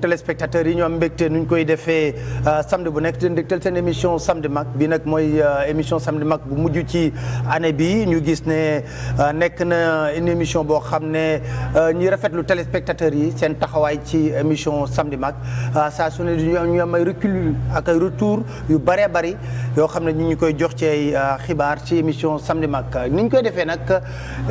téléspectateurs yi ñoo am mbégte nu ñu koy defee euh, samedi bu nekk ndégtal seen émission samedi mag bi nag mooy euh, émission samedi mag bu mujj ci année bi ñu gis ne euh, nekk na une émission boo xam ne ñuy rafetlu téléspectateurs yi seen taxawaay ci émission samedi mag saa su ne ñu am ay recul ak ay retour yu bëree bari yoo xam ne ñu ngi koy jox ci ay xibaar ci émission samedi mag ni ñu koy defee nag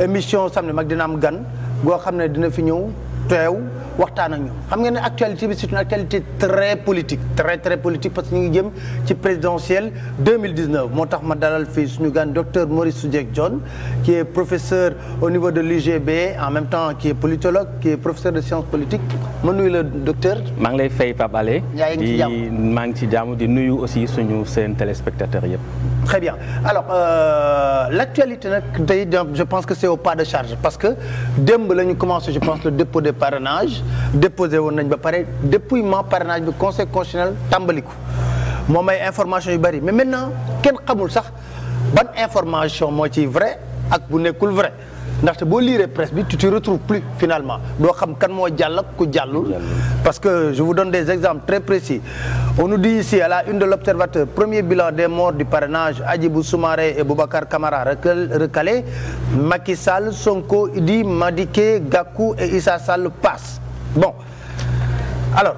émission samedi mag dina am gan goo xam ne dina fi ñëw teew waxtaan ak ñun xam ne actualité bi c'est une actualité très politique très très politique parce que ñu ngi jëm ci présidentielle 2019 moo tax ma dalal fii suñu gan docteur Maurice Soudieck Dione qui est professeur au niveau de l'UGB en même temps qui est politologue qui est professeur de sciences politiques ma nuyu la docteur. maa ngi lay fay Pape Alé. yaa ngi ci jàmm maa ngi ci jàmm di nuyu aussi suñu seen téléspectateurs yëpp. très bien alors euh, l'actualité nag tey je pense que c'est au pas de charge parce que démb la ñu commencé je pense le dépôt des parrainages. déposé woon nañ ba pare dépouillement parenage bi conseil constitutionnel tàmbaliku moom ay information yu bëri mais maintenant kenn xamul sax ban information moo ci vrai ak bu nekkul vrai ndaxte boo liiree presse bi tu te retrouves plus finalement doo xam kan moo jàll ak ku jàllul parce que je vous donne des exemples très précis on nous dit ici à la une de l'observateur premier bilan des morts du parrainage Hadjibou Soumaré et Boubacar Camara recalés Macky Sall Sonko Idi Madické Gakou et Issa Sall passent bon alors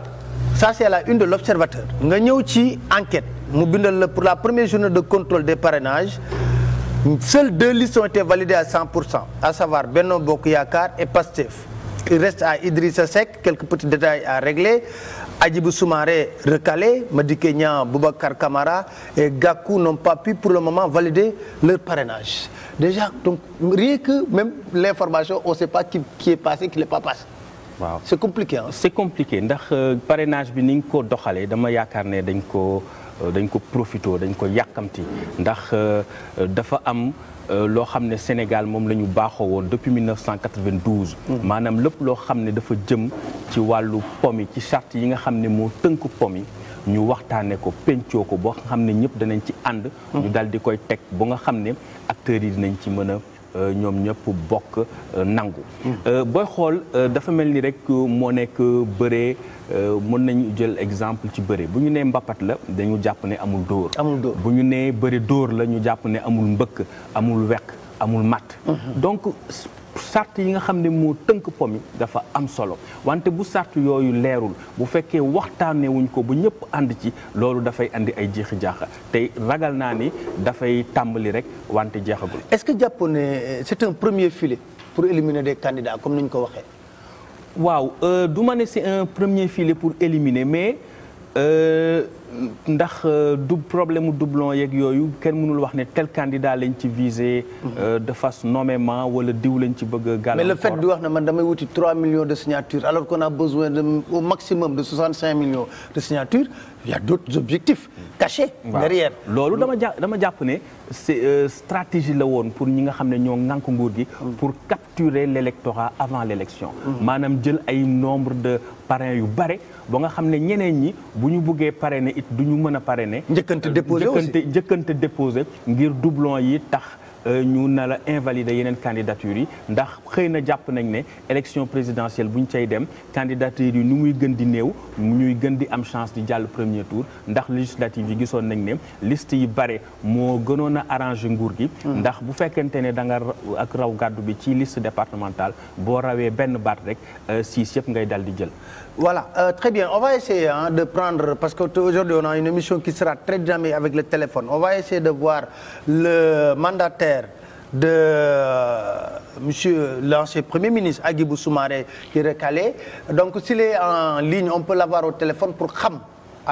ça c'est la une de l'observateur nga ñëw ci enquête mu bindal la pour la première journée de contrôle des parrainages seules deux listes ont été validées à pour cent à savoir Benno Bokk Yaakaar et Pastef il reste à Idrissa Seck quelques petits détails à régler Hadjibou Soumaré recalé Madické Niang Boubacar Camara et Gakou n'ont pas pu pour le moment valider leur parrainage déjà donc rien que même l'information on sait pas qui, qui est passé qui n'est pas passé waaw c'est compliqué hein? compliqué ndax euh, parrainage bi ni ñu ko doxalee dama yaakaar ne dañ ko euh, dañ ko profitoo dañ ko yàkkamti ndax euh, dafa am loo xam ne Sénégal moom la ñu baaxoo woon depuis 1992. Mm. maanaam lépp loo xam ne dafa jëm ci wàllu POM yi ci charte yi nga xam ne moo tënk POM yi ñu waxtaanee ko pencoo ko boo xam ne ñëpp danañ ci ànd. Mm. ñu dal di koy teg ba nga xam ne acteurs yi dinañ ci mën a. Euh, ñoom ñëpp bokk euh, nangu. Hmm. Euh, booy xool dafa mel ni rek moo nekk bëree mën nañu jël exemple ci bëre bu ñu nee mbappat la dañu jàpp ne amul dóor. amul dóor bu ñu nee bëre dóor la ñu jàpp ne amul mbëkk amul wekk amul matt. Hmm. donc sart yi nga xam ne moo tënk POM yi dafa am solo wante bu sart yooyu leerul bu fekkee waxtaanee wuñ ko bu ñëpp ànd ci loolu dafay indi ay jeexi jaaxa tey ragal naa ni dafay tàmbali rek wante jeexagul. est-ce que jàpp ne euh, c'est un premier filet pour éliminer des candidats comme ni ñu ko waxee. waaw euh, du ma ne c'est un premier filet pour éliminer mais. Euh, ndax euh, du problème mu doublon yooyu kenn mënul wax ne tel candidat lañ ci viser. Euh, mhm. de face nommément wala diw lañ ci bëgg a. gàllankoor mais le fait di wax ne man damay wuti 3 millions de signatures alors qu'on a besoin de au maximum de 65 millions de signatures il y a d'autres objectifs cachés. loolu dama jàpp dama jàpp ne c'est euh, stratégie la woon pour ñi nga xam ne ñoo ŋànk nguur gi. Mhm. pour capturer l'électorat avant l'élection. Mhm. maanaam jël ay nombre de parrains yu bare ba nga xam ne ñeneen ñi bu du ñu mën a parrainer. ne euh, déposé aussi njëkkante njëkkante déposé ngir doublon yi tax. Euh, ñu na la invalider yeneen candidature yi ndax xëy na jàpp nañ ne élection présidentielle bu ñu cay dem candidature yi ni muy gën di néew ñuy gën di am chance di jàll premier tour ndax législative yi gisoon nañ ne liste yi bare moo gënoon a arrangé nguur gi mm. ndax bu fekkente ne danga ak raw gàddu bi ci liste départementale boo rawee benn baat rek euh, siis yëpp ngay dal di jël voilà euh, très bien on va essayer de prendre parce que aujourd'hui on a une émission qui sera ministère de euh, monsieur l'ancien premier ministre Hadjibou Soumaré qui recalé donc s'il est en ligne on peut l'avoir au téléphone pour xam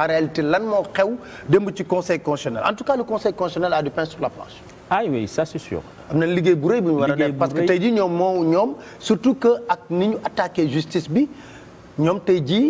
en réalité lan moo xew démb ci conseil constitutionnel en tout cas le conseil constitutionnel a du pain sur la planche. ah oui ça c'est sûr. am na liggéey bu rëy bu ñu war a parce que tey jii ñoom moo ñoom surtout que ak ni ñu attaqué justice bi ñoom tey ji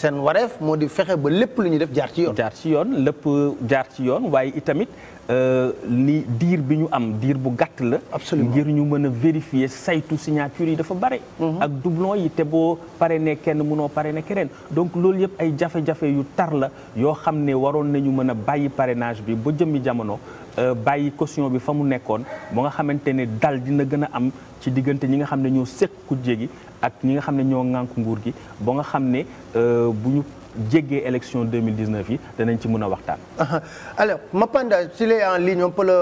seen wareef moo di fexe ba lépp lu ñuy def jaar ci yoon. jaar ci yoon lépp Euh, li diir bi ñu am diir bu gàtt la. absolument ngir ñu mën a vérifier saytu signature yi dafa bare. Mhm. ak doublon yi te boo pare ne kenn munoo pare ne keneen donc loolu yëpp ay jafe-jafe yu tar la yoo xam ne waroon nañu mën a bàyyi parenage bi ba jëmmi jamono. Euh, bàyyi caution bi fa mu nekkoon ba nga xamante ne dal dina gën a am ci diggante ñi nga xam ne ñoo sekk kujje gi ak ñi nga xam ne ñoo ŋànk nguur gi ba nga xam ne euh, bu ñu jéggee élection 2019 yi danañ ci mën a waxtaan. alors Mapanda s'il est en ligne on peut le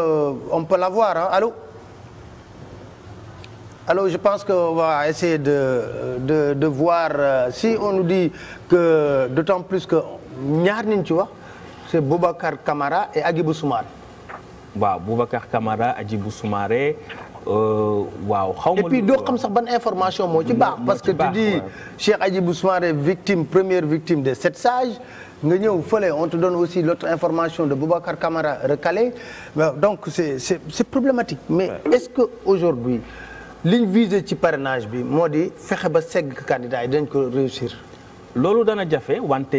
on peut l'avoir hein allô. je pense que on va essayer de de de voir euh, si on nous dit que d'autant plus que ñaar nañ ci wax c'est Boubacar Camara et Adjibou Soumaré. waaw Boubacar Camara Adjibou Soumaré Euh, waaw xaw ma. et doo xam sax ban information moo ci mm, baax. parce que tu dis Cheikh Hadjibou Soumaré victim première victime de sept sages. nga ñëw fële on te donne aussi l'autre information de Boubacar Camara recalé donc c'est c'est c'est problématique. mais est-ce que aujourd'hui liñ viser ci parrainage bi moo di fexe ba segg candidat yi dañ ko réussir. loolu dana jafe wante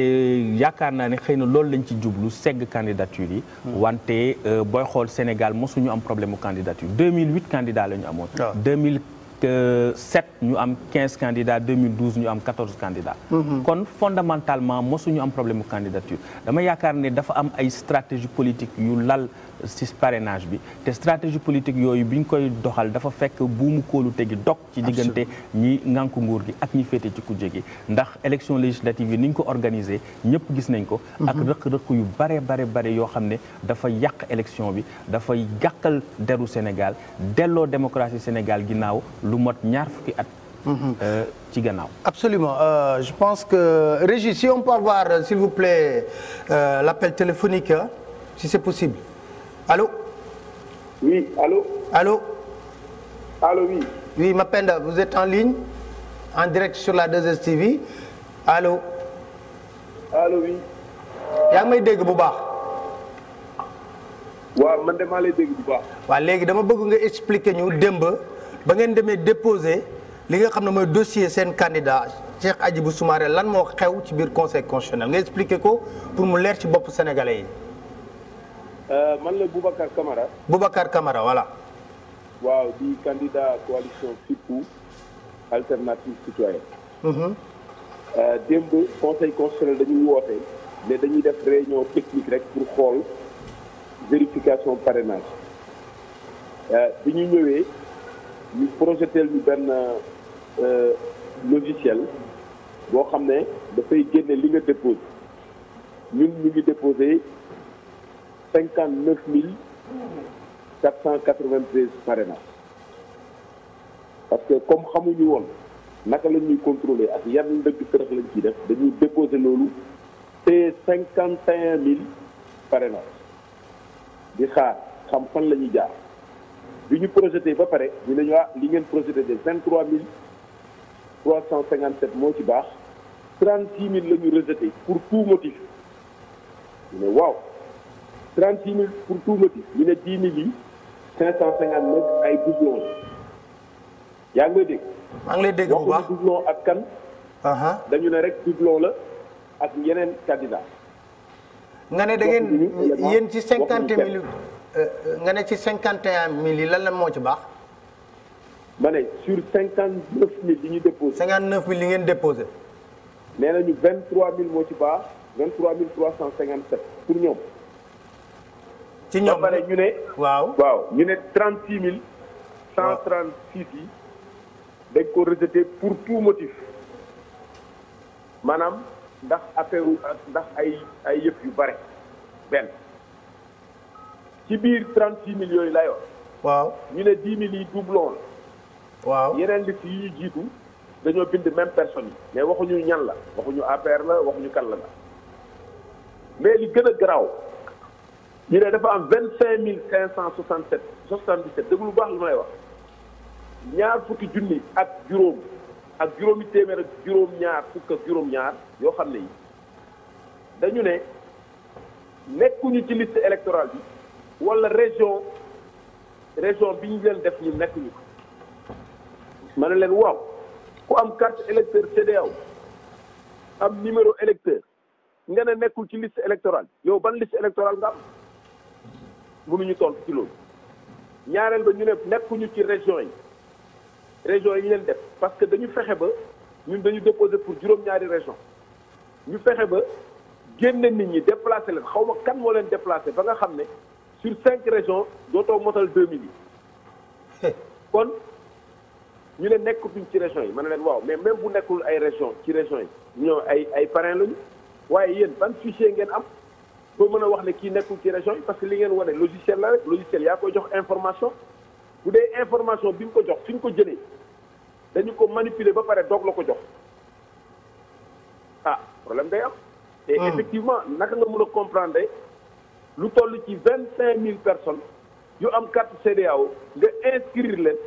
yaakaar naa ne xëy na loolu lañ ci jublu segg candidature yi. Hmm. wante euh, booy xool Sénégal mosuñu am problème mu candidature 2008 candidat la ñu amoon. 2000 ah. sept ñu am quinze candidats 2012 ñu am quatorze candidats. Mhm. kon fondamentalement mosuñu am problème mu candidature dama yaakaar ne dafa am ay stratégie politique yu lal euh, ci parrainage bi te stratégie politique yooyu bi ñu koy doxal dafa fekk buumu kóolute gi dog ci diggante ñi ngànku nguur gi ak ñi féete ci kujje gi ndax élection législative yi ni ñu ko organisé ñëpp gis nañ ko mhm. ak rëq-rëq yu bare bare bare yoo xam ne dafa yàq élection bi dafay gàkkal deru Sénégal delloo démocratie Sénégal ginnaaw lu mot ñaar fukki at. Mhm. Euh, ci gannaaw. absolument euh, je pense que Régis si on peut avoir euh, s'il vous plaît euh, l'appel téléphonique hein, si c'est possible allô. oui allô. allô. allô oui. oui Mapenda vous êtes en ligne en direct sur la 2STV allô. allô oui. yaa ngi may dégg bu baax. waaw man de maa lay dégg bu baax. waaw léegi dama bëgg nga expliquer ñu démb. ba ngeen demee déposer li nga xam ne mooy dossier seen candidat Cheikh Hadjibou Soumaré lan moo xew ci biir conseil constitutionnel nga expliqué ko pour mu leer ci bopp sénégalais yi. Euh, man la Boubacar Camara. Boubacar Camara voilà. waaw di candidat coalition FIPU alternative citoyenne. Mhm. Euh, démb conseil constitutionnel dañuy woote ne dañuy def réunion technique rek pour xool vérification parrainage euh, bi ñu ñëwee. ñu projeté ñu benn euh, logiciel boo xam ne dafay génne li nga déposé ñun ñu ngi déposé cinquante neuf mille quatre cent quatre vingt treize parrainage parce que comme xamuñu woon naka la ñuy contrôler ak yan ndëgg tërëx lañ ciy def dañuy déposé loolu te cinquante et un pare na di xaar xam fan la ñuy jaar bi ñu projeté ba pare ñu ne waa ah, li ngeen projeté de vingt trois mille trois cent cinquante sept moo ci baax trente six mille la ñu rejeté pour tout motif ñu ne waaw trente six mille pour tout motif ne dix mille yi cinq cent cinquante neuf ay doublon yaa ngi lay dégg. maa ngi lay ak kan. dañu ne rek doublon la ak yeneen candidat. nga ne da ngeen yéen ci cinquante mille. Euh, nga ne ci cinquante et un mille yi lan la moo ci baax. ma ne sur cinquante neuf mille yi ñu déposé. cinquante neuf mille yi ngeen déposé. nee nañu vingt trois mille moo ci baax vingt trois mille trois cent cinquante sept pour ñoom. ci ñoom ba pare ñu ne. waaw waaw ñu ne trent six mille. cent trente six yi dañ ko rejeté pour tout motif maanaam ndax affaire ndax ay ay yëf yu bare ci biir 36 millions yooyu la yor. waaw ñu ne 10 mille yi doublon la. waaw yeneen liste yi ñu jiitu dañoo bind même personne yi. mais waxuñu ñan la waxuñu APR la waxuñu kan la mais li gën a garaaw ñu ne dafa am 25 567 77 déglu baax lu may wax ñaar fukki junni ak juróom ak juróomi téeméer ak juróom-ñaar fukk ak juróom-ñaar yoo xam ne yi dañu ne nekkuñu ci liste électorale bi. wala région région bi ñu leen def ñu nekk ñu ko ma ne leen waaw ku am carte électeur CEDEAO am numéro électeur nga ne nekkul ci liste électorale yow ban liste électorale nga am mënuñu tontu ci ñaareel ba ñu ne nekkuñu ci région yi région yi ñu leen def parce que dañu fexe ba ñu dañu déposé pour juróom-ñaari région ñu fexe ba génne nit ñi déplacé leen xaw ma kan moo leen déplacé ba nga xam ne sur cinq régions dootoo motal deux mille yi kon ñu ne nekkutuñ ci régions yi ma ne leen waaw mais même bu nekkul ay région ci régions yi ñoo ay ay parrain lañu waaye yéen ban fichier ngeen am ba mën a wax ne kii nekkul ci région yi parce que li ngeen wane logiciel la rek logiciel yaa koy jox information bu dee information bi nga ko jox fi nga ko jëlee dañu ko manipuler ba pare doog la ko jox ah problème de am. te hmm. effectivement naka nga mën a comprendre lu toll ci vingt cinq mille personnes yu am carte CEDEAO nga inscrire leen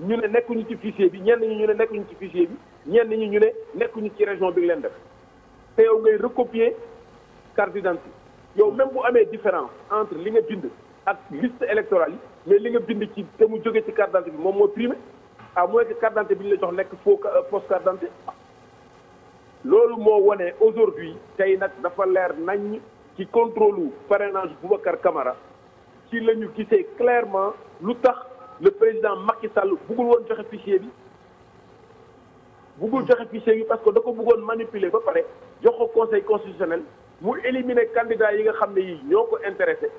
ñu ne nekkuñu ci fichier bi ñenn ñi ñu ne nekkuñu ci fichier bi ñenn ñu ñu ne nekkuñu ci région bi leen def te yow ngay recopier carte d'identité yow même bu amee différent entre li nga bind ak liste électorale yi mais li nga bind ci te mu jóge ci carte d'identité bi moom moo primé à moins que carte d'identité bi ñu la jox nekk foo euh, fausse carte d'identité loolu moo wone aujourd'hui tey nag dafa leer nañ ci contrôle parrainage Boubacar Camara ci la ñu gisee clairement lu tax le président Macky Sall buggul woon joxe fichier bi buggul joxe fichier bi parce que da ko buggoon manipuler ba pare jox ko conseil constitutionnel mu éliminer candidat yi nga xam ne yii ñoo ko intéressé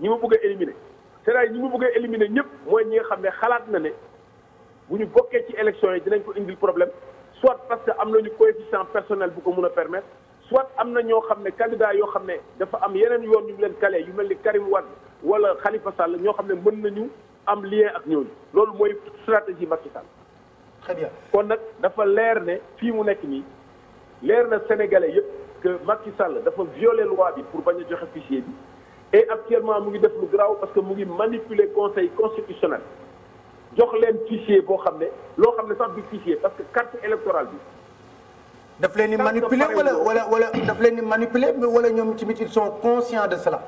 ñi mu bëgg a éliminer c'est-à-dire ñi mu bëgg a éliminer ñëpp mooy ñi nga xam ne xalaat na ne bu ñu bokkee ci élection yi dinañ ko indil problème soit parce que am nañu coefficient personnel bu ko mun a permettre soit am na ñoo xam ne candidat yoo xam ne dafa am yeneen yoon yu leen kale yu mel ni Karim Wade wala Khalifa ñoo xam ne mën nañu am lien ak ñooñu loolu mooy stratégie Macky Sall. très bien kon nag dafa leer ne fii mu nekk nii leer na sénégalais yëpp que Macky Sall dafa violer loi bi pour bañ a joxe fichier bi et actuellement mu ngi def lu garaaw parce que mu ngi manipuler conseil constitutionnel jox leen fichier boo xam ne loo xam ne sax du fichier parce que carte électorale bi. daf leen di manipuler wala wala wala daf leen di manipuler wala ñoom tamit ils sont conscients de cela.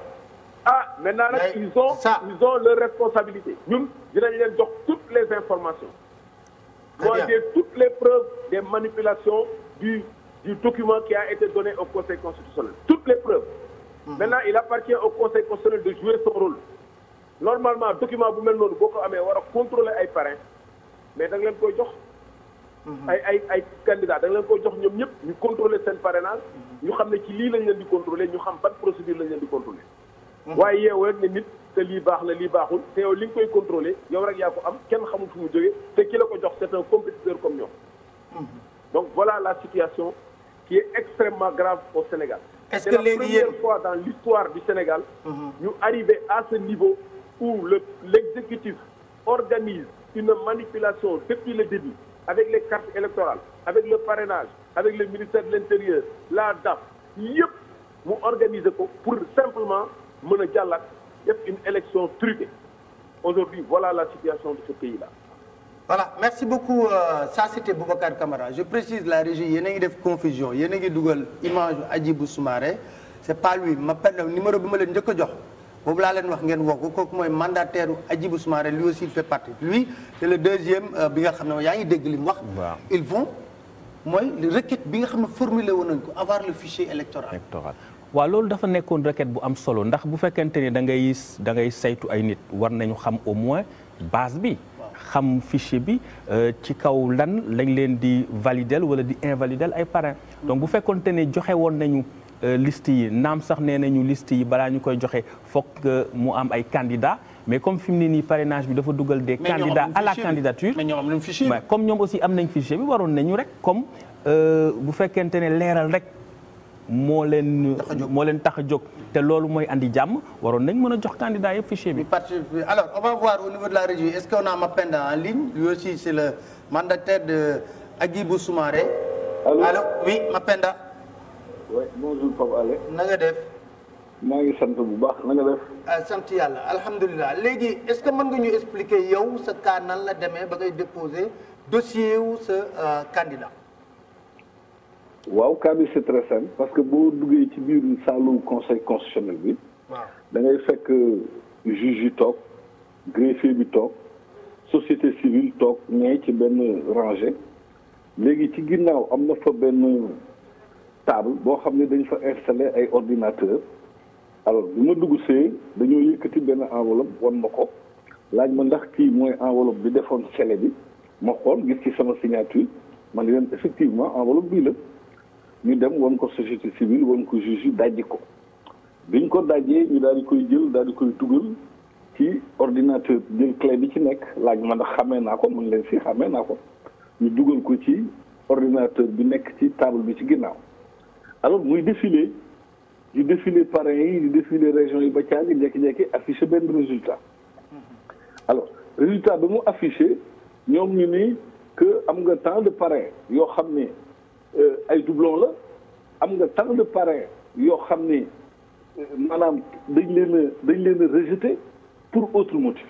ah maintenant nag ils ont ça ils ont leur responsabilité. ñun dinañ leen jox toutes les informations. moi j'ai toutes les preuves des manipulations du du document qui a été donné au conseil constitutionnel toutes les preuves. Mmh. maintenant il appartient au conseil constitutionnel de jouer son rôle. normalement document bu mel noonu boo ko amee war a contrôler ay parrain mais da leen koy jox. ay ay ay candidat da nga leen koy jox ñoom ñëpp ñu contrôler seen parrainage ñu xam ne ci lii lañ leen di contrôler ñu xam ban procédure lañ leen di contrôler mhm. waaye yeew rek ne nit te lii baax na lii baaxul te yow li nga koy contrôler yow rek yaa ko am kenn xamul fu mu jógee te ki la ko jox c'est un compétiteur comme ñoom mhm. donc voilà la situation qui est extrêmement grave au Sénégal est-ce que léegi c'est la première fois dans l'histoire du Sénégal mhm. ñu arrivé à ce niveau où le l'exécutif organise une manipulation depuis le début avec les cartes électorales avec le parrainage avec le ministère de l'intérieur la DAF yëpp mu organiser ko pour simplement mën a jàllaat def une élection truquée aujourd'hui voilà la situation de ce pays là voilà merci beaucoup euh, ça c'était Boubacar Camara je précise la régie yéen a ngi def confusion yéen a ngi dugal image Hadjibou Soumaré c'est pas lui ma numéro bi ma leen njëkk a jox boobu laa leen wax ngeen woo ko kooku mooy mandataire Hadjibou Soumaré lui aussi il fait partie lui c'est le deuxième euh, bi nga xam ne yaa ngi dégg li mu wax. ils vont mooy requête bi nga xam ne formulé woon nañ ko avoir le fichier électoral. électoral waaw loolu dafa nekkoon requête bu am solo ndax bu fekkente ni da ngay da ngay saytu ay nit war nañu xam au moins base bi. xam fichier bi euh, ci kaw lan lañ leen di valider wala di invalider ay parrains. donc bu fekkonte ne joxe woon nañu. Euh, liste yi naam sax nee nañu liste yi balaa ñu koy joxe fokk mu am ay candidats mais comme fi mu ne nii parrainage bi dafa dugal des candidats à la candidature mais ñoom am nañ comme ñoom aussi am nañ fichier bi waroon nañu rek comme euh, bu fekkente ne leeral rek moo leen moo leen tax a jóg te loolu mooy andi jàmm waroon nañ mën a jox candidat yëpp fichier bi alors on au niveau de la régie est-ce qu'on a Mapenda en ligne lui aussi c'est le mandataire de Hadjibou Soumaré allô oui Mapenda oui bonjour Pape Alé. na def. maa ngi sant bu baax na nga def. ah sant yàlla alhamdulilah léegi est-ce que mën nga ñu expliquer yow sa cas nan la demee ba ngay déposer dossier wu sa euh, candidat. waaw cas bi c'est très parce que boo duggee ci biir saalu conseil constitutionnel bi. waaw da ngay fekk euh, juge yi toog greffier bi toog société civile toog ñee ci benn rangée léegi ci ginnaaw am na fa benn. table boo xam ne dañ fa installé ay ordinateur alors bi ma dugg see dañoo yëkkati benn enveloppe wan ma ko laaj ma ndax kii mooy enveloppe bi defoon scellé bi ma xool gis ci sama signature man leen effectivement enveloppe bii la ñu dem wan ko société civile wan ko juge yi dajji ko biñ ko dajjee ñu daal di koy jël daal di koy dugal ci ordinateur jël clé bi ci nekk laaj ma ndax xamee naa ko mun leen si xàmmee naa ko ñu dugal ko ci ordinateur bi nekk ci table bi ci ginnaaw alors muy défilé di défilé parrain yi di défilé région yi ba caali jekki-jekki affiché benn résultat alors résultat bi mu affiché ñoom ñu ni que am nga temps de parrain yoo xam ni euh, ay doublon la am nga tant de parrain yoo xam ni euh, maanaam dañ leen dañ leen a pour autre motif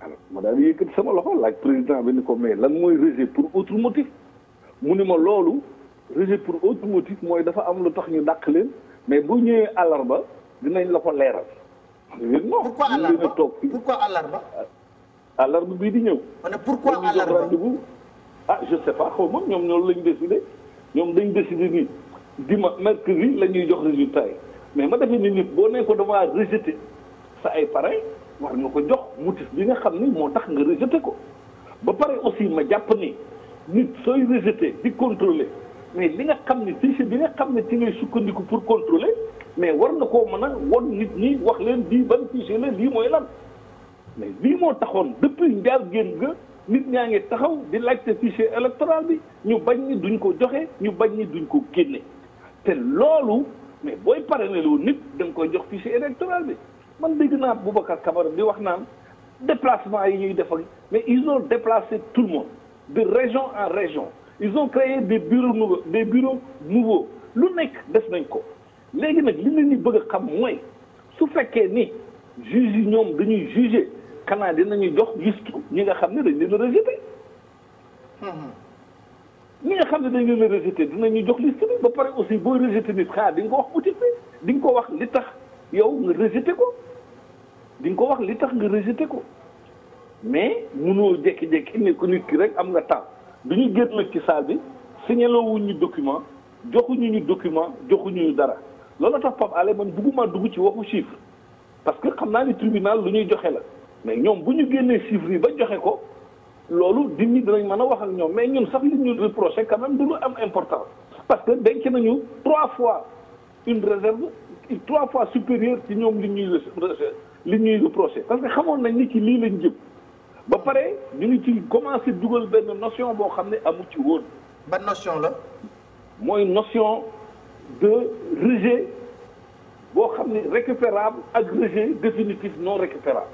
alors ma daal yëkkati sama loxo laaj président bi ni ko mais lan mooy rejet pour autre motif mu ni ma loolu régit pour autre motif mooy dafa am lu tax ñu dàq leen mais bu ñëwee àllarba dinañ la ko leeral. pourquoi àllarba toog pourquoi àllarba. àllarba bii di ñëw. ma ne pourquoi àllarba ah je sais pas xaw ma ñoom ñoom lañ décidé ñoom dañ décidé ni dima mercredi la ñuy jox résultat yi mais ma defee ni nit boo nee ko damaa sa ay parrain war nga ko jox motif bi nga xam ni moo tax nga rejeté ko ba pare aussi ma jàpp ni nit sooy rejeté di contrôler mais li nga xam ne fichier bi nga xam ne ci ngay sukkandiku pour contrôler mais war na koo mën a won nit ñi wax leen di ban fichier la lii mooy lan mais lii moo taxoon depuis njaar génn ga nit ñaa ngi taxaw di laajte fichier électoral bi ñu bañ ni duñ ko joxe ñu bañ ni duñ ko génne te loolu mais booy ne loo nit da koy jox fichier électoral bi man dégg naa Boubacar Camara di wax naan déplacement yi ñuy defal mais ils ont déplacé tout le monde d région en région ils ont créé des bureaux nouveaux des bureaux nouveaux lu nekk def nañ ko léegi nag li nit ñi bëgg a xam mooy su fekkee ni juge yi ñoom dañuy juger xanaa dinañu jox ko ñi nga xam ne dañ leen a rejeté ñi nga xam ne dañ leen a rejeté dinañu jox liste bi ba pare aussi booy rejeté nit xanaa di ko wax outil bi di nga ko wax li tax yow nga rejeté ko di ko wax li tax nga rejeté ko mais mënoo jékki-jékki ne ko nit ki rek am nga temps du ñu génn nag ci salle bi signalewuñ ñu document joxuñu ñu document joxuñu ñu dara loolu tax Pape Alé man bëgguma dugg ci waxu chiffre parce que xam naa ni tribunal lu ñuy joxe la mais ñoom bu ñu génnee chiffre yi ba joxe ko loolu nit ñi dinañ mën a wax ak ñoom mais ñun sax li ñu reproché quand même du lu am importance parce que denc nañu trois fois une réserve trois fois supérieure ci ñoom li ñuy li ñuy reproché parce que xamoon nañ ni ci lii lañ ba pare ñu ngi ci commencé dugal benn notion boo xam ne amu ci woon. ba notion la. mooy notion de rejet boo xam ne récupérable ak rejet définitif non récupérable.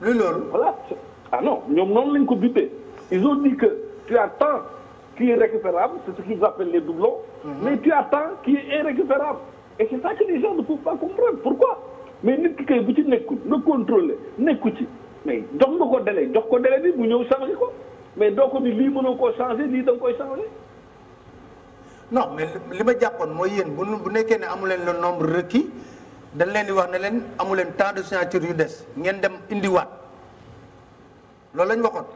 lu loolu. voilà ah non ñoom noonu lañ ko bindee ils ont dit que tu as tant qui est récupérable c'est ce qu'ils appellent les doublons. Mhm. mais tu as tant qui est irrécupérable. et c'est ça que les gens ne peuvent pas comprendre pourquoi mais nit ki kay bu ci nekkul nga contrôler nekku ci. mais jox nga ko délai jox ko délai bi mu ñëw changé ko mais doo ko ni lii mënoo koo changé lii da koy changé. non mais li ma jàppoon mooy yéen bu bu nekkee ne amu leen le nombre requis dañ leen di wax ne leen amu leen temps de signature yu des ngeen dem indiwaat loolu la waxoon.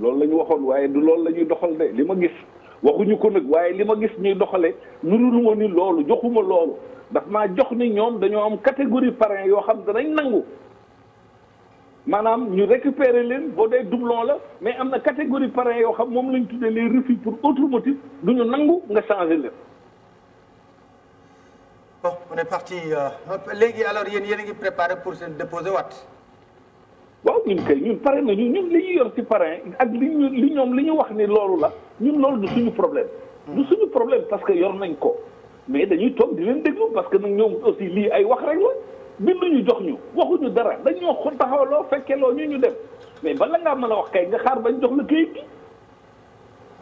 loolu la waxoon waaye du loolu la ñuy doxal de li ma gis waxuñu ko nag waaye li ma gis ñuy doxalee nuruluma ni loolu joxuma loolu daf maa jox ni ñoom dañoo am catégorie parrain yoo xam danañ nangu. maanaam ñu récupérer leen boo dee doublon la mais am na catégorie parrain yoo xam moom lañ tuddee les refus pour autre motif du ñu nangu nga changer leen. bon on est parti euh, léegi alors yéen yéen a ngi préparé pour seen déposer waat. waaw ñun kay ñun pare na ñun ñun li ñu yor ci parrain ak li ñu li ñoom li ñu wax ni loolu la ñun loolu du suñu problème. du suñu problème parce que yor nañ ko mais dañuy toog di leen déglu parce que nag ñoom aussi lii ay wax rek la. ñu jox ñu waxuñu dara dañ ñoo xon taxawaloo fekkeloo ñu ñu dem mais bala ngaa mën a wax kay nga xaar bañ jox la këyit gi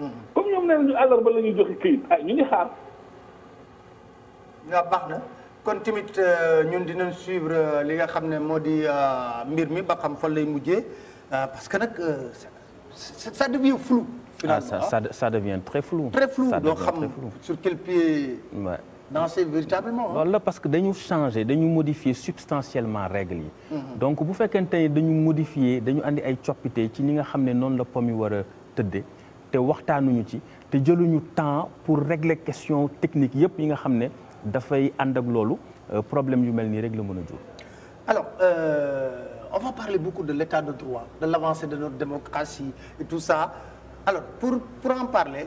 mm-hmm. comme ñoom nee nañu àllarba la ñu joxe këyit ah ñu ñu xaar. nga baax na kon tamit euh, ñun dinañ suivre euh, li nga xam ne moo di euh, mbir mi ba xam fan lay mujjee parce que nag ça devient flou. finalement ah ça ah. ça devient très flou. très flou xam sur quel danser véritablement. la parce que dañu changer dañu modifier substantiellement règles yi. Mhm. donc bu fekkente dañu modifier dañu andi ay coppite ci ni nga xam ne noonu la POM yi war a tëddee te waxtaanuñu ci te jëluñu temps pour régler question technique yëpp yi nga xam ne dafay ànd ak loolu euh, problème yu mel nii rek la mën a jur. alors euh, on va parler beaucoup de l'état de de l'avancée de notre démocratie et tout ça alors pour pour en parler.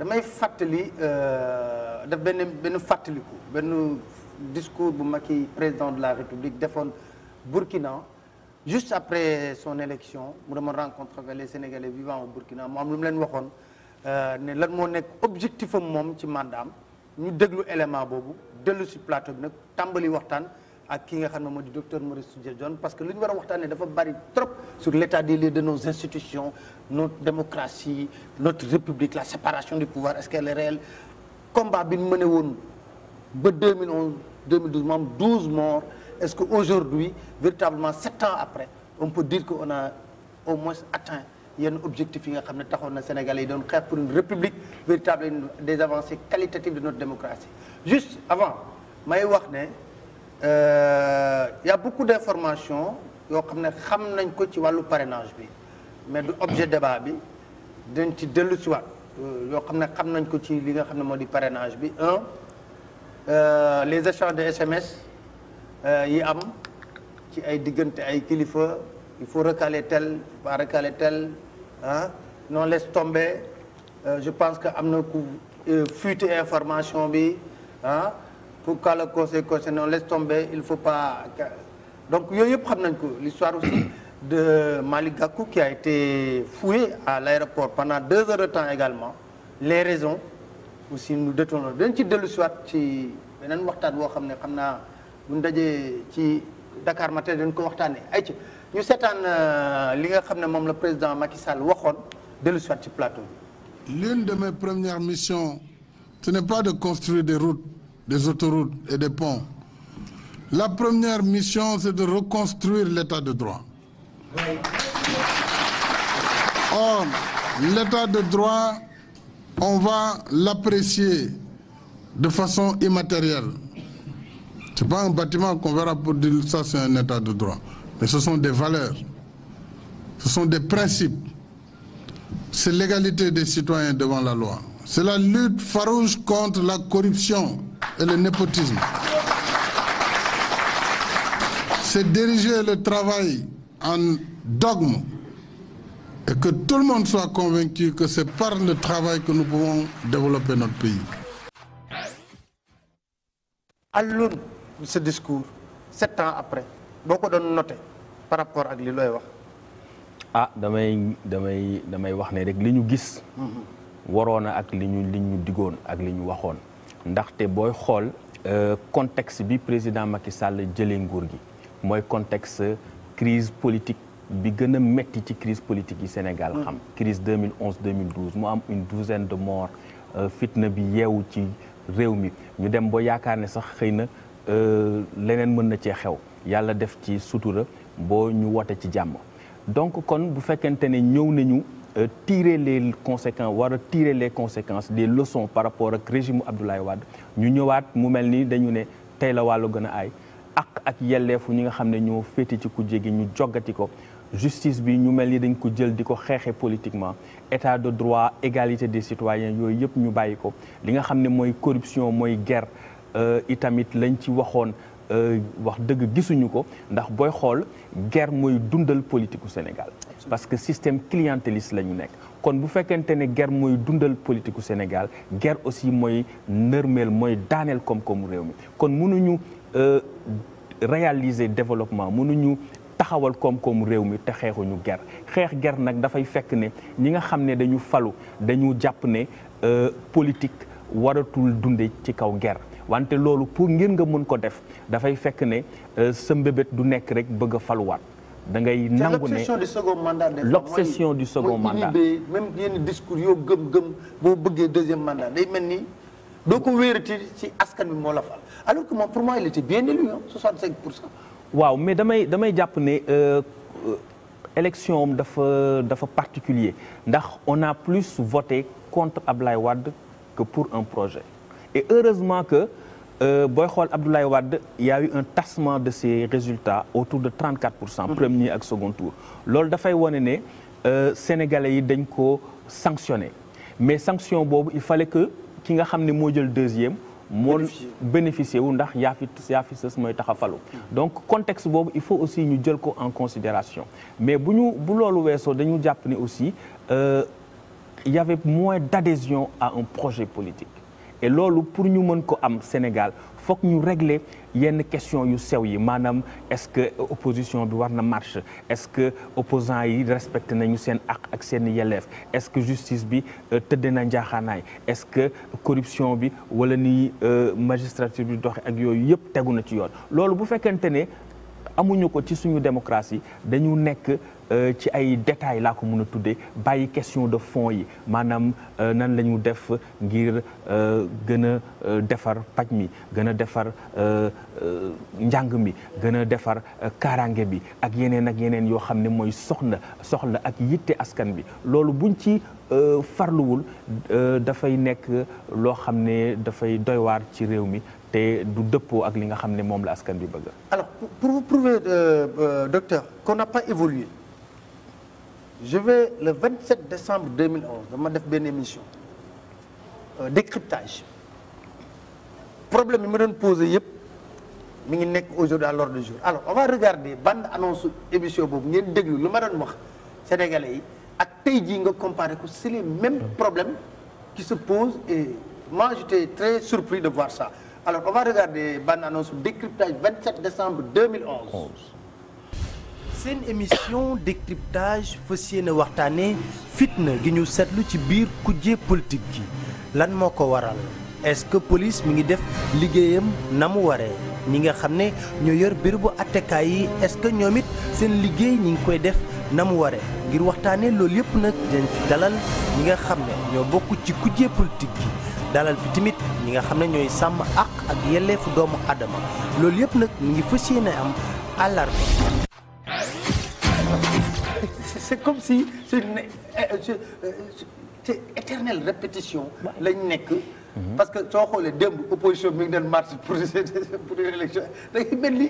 damay fàttali euh, daf benn benn fàttaliku benn discours bu Macky président de la République defoon Burkina juste après son élection mu demoon rencontre avec les Sénégalais vivant au Burkina mu am lu mu leen waxoon euh, ne lan moo nekk objectif moom ci mandaam ñu déglu élément boobu dellu si plateau bi nag tàmbali waxtaan ak ki nga xam ne moo di docteur Maurice Soudieff Dione parce que lu ñu war waxtaan waxtaanee dafa bari trop sur l'état des lieux de nos institutions notre démocratie notre république la séparation du pouvoir est-ce qu'elle est réelle combat bi ñu mëne woon ba mambre 2012 moom 12 morts est-ce que aujourd'hui véritablement sept ans après on peut dire que on a au moins atteint yenn objectif yi nga xam ne taxoon na sénégal yi doon xeex pour une république véritable des avancées qualitatives de notre démocratie juste avant may wax ne euh, y a beaucoup d'informations yoo xam ne xam nañ ko ci wàllu parrainage bi mais du objet débat bi dinañ ci dellu si euh, yoo xam ne xam nañ ko ci li nga xam ne moo di parrainage bi un euh, les échanges de SMS euh, yi am ci ay diggante ay kilifa il faut recaler tel pas recaler tel ah non tombe je pense que am na ku fuite information bi ah pourquoi le conseil conseil tombe il faut pas donc yooyu yëpp xam nañ ko l'histoire aussi de Malick Gakou qui a été fouillé à l'aéroport pendant deux heures de temps également les raisons aussi nous détournons dañ ci dellu siwaat ci beneen waxtaan boo xam ne xam naa buñ dajee ci Dakar Matin dañ ko waxtaanee ay ci ñu seetaan euh, li nga xam ne moom la président Macky Sall waxoon dellu siwaat ci plateau bi l'une de mes premières missions ce n'est pas de construire des routes des autoroutes et des ponts la première mission c'est de reconstruire l'état de droit Or, l'état de droit, on va l'apprécier de façon immatérielle. Ce n'est pas un bâtiment qu'on verra pour dire c'est un état de droit. Mais ce sont des valeurs, ce sont des principes. C'est l'égalité des citoyens devant la loi. C'est la lutte farouche contre la corruption et le népotisme. C'est diriger le travail en dogme et que tout le monde soit convaincu que c'est par le travail que nous pouvons développer notre pays. à l'aune de ce discours sept ans après boo ko doon noté par rapport ak li looy wax. ah damay damay damay wax ne rek li ñu gis. Mhm. waroon na ak li ñu li ñu digoon ak li ñu waxoon ndaxte booy xool euh, contexte bi président Macky Sall jëlee nguur gi mooy contexte. crise politique bi gën a métti ci crise politique yi Sénégal mm. xam crise 2011 2012 mu am une douzaine de morts euh, fitna bi yeewu ci réew mi ñu dem ba yaakaar ne sax xëy na euh, leneen mën na cee xew yàlla def ci sutura boo ñu wote ci jàmm donc kon bu fekkente ne ñëw nañu euh, tirer les conséquences wara a tirer les conséquences des leçons par rapport ak régime Abdoulaye Wade ñu ñëwaat mu mel nii dañu ne tey la wàllu gën a aay ak ak yelleefu ñi nga xam ne ñoo féete ci kujje gi ñu joggati ko justice bi ñu mel ni dañ ko jël di ko xeexe politiquement état de droit égalité des citoyens yooyu yëpp ñu bàyyi ko li nga xam ne mooy corruption mooy guerre euh, itamit lañ ci waxoon euh, wax dëgg gisuñu ko ndax booy xool ger mooy dundal politique u Sénégal parce que système clientéliste la ñu nekk kon bu fekkente ne ger mooy dundal politiku Sénégal ger aussi mooy nërmeel mooy daaneel koom-koomu réew mi réaliser développement mënuñu taxawal koom-koomu réew mi te xeexuñu ger xeex ger nag dafay fekk ne ñi nga xam ne dañu falu dañu jàpp ne euh, politique waratul dunde ci kaw ger wante loolu pour ngir nga mën ko def dafay fekk ne euh, sa mbébét du nekk rek bëgg a faluwaat da ngay nangu ne l'obsession du second mandat l'obsession du second mandat même yenn gëm-gëm boo bëggee deuxième mandat day mel ni doo ko wéerati ci askan bi moo la fal alors que pour moi il était bien élu waaw mais damay damay jàpp ne euh, euh, élection am dafa dafa particulier ndax on a plus voté contre Abdoulaye Wade que pour un projet et heureusement que euh, booy xool Abdoulaye Wade y a eu un tassement de ses résultats autour de 34 pour cent. Mm-hmm. premier ak second tour. loolu dafay wane ne sénégalais yi dañ ko sanctionné mais sanction boobu il fallait que ki nga xam ne moo jël deuxième. moo bénéficier wu ndax yaa fi yaa sës mooy tax falu donc contexte boobu il faut aussi ñu jël ko en considération mais bu ñu bu loolu weesoo dañu jàpp ne aussi euh, il y avait moins d'adhésion à un projet politique et loolu pour ñu mën ko am Sénégal foog ñu régler yenn question yu sew yi maanaam est-ce que opposition bi war na marche est-ce que opposants yi respecté nañu seen ak ak seen yelleef est-ce que justice bi euh, tëddee na njaaxaanaay est-ce que corruption bi wala ni euh, magistrature bi doxe ak yooyu yëpp tegu na ci yoon loolu bu fekkente ne amuñu ko ci suñu démocratie dañu nekk Euh, ci ay détails laa ko mën a tuddee bàyyi question de fond yi maanaam euh, nan la ñu def ngir euh, gën a defar paj mi gën a defar njàng mi gën a defar kaaraange bi ak yeneen ak yeneen yoo xam ne mooy soxna soxla ak yitte askan bi loolu buñ ci farluwul dafay nekk loo xam ne dafay doy ci réew mi te du dëppoo ak li nga xam ne moom la askan bi bëgg. alors pour vous prouver docteur qu'on n'a pas évolué. je vais le 27 décembre 2011 dama def benn émission euh, décryptage problème yi ma doon posé yëpp mi ngi nekk aujourd'hui à l'ordre du jour alors on va regarder bande annonce émission boobu ngeen déglu lu ma doon wax sénégalais yi ak tey jii nga comparé ko c'est les mêmes problèmes qui se posent et moi j'étais très surpris de voir ça alors on va regarder bande annonce décryptage 27 décembre 2011. 11. seen émission décryptage fas yéene waxtaanee fitna gi ñu seetlu ci biir kujje politique gi lan moo ko waral est-ce que police mi ngi def liggéeyam na mu waree ñi nga xam ne ñoo yor biir bu yi est-ce que ñoom it seen liggéey ñi ngi koy def na mu ware ngir waxtaanee loolu yëpp nag dañ dalal ñi nga xam ne ñoo bokk ci kujje politique gi dalal fi tamit ñi nga xam ne ñooy sàmm àq ak yelleefu doomu aadama loolu yëpp nag mi ngi fas yéene am àllarba. c'est comme si c'est une euh, euh, euh, c'est éternelle répétition lañ nekk. Mhm. parce que soo xoolee démb opposition mi ngi doon marche pour pour une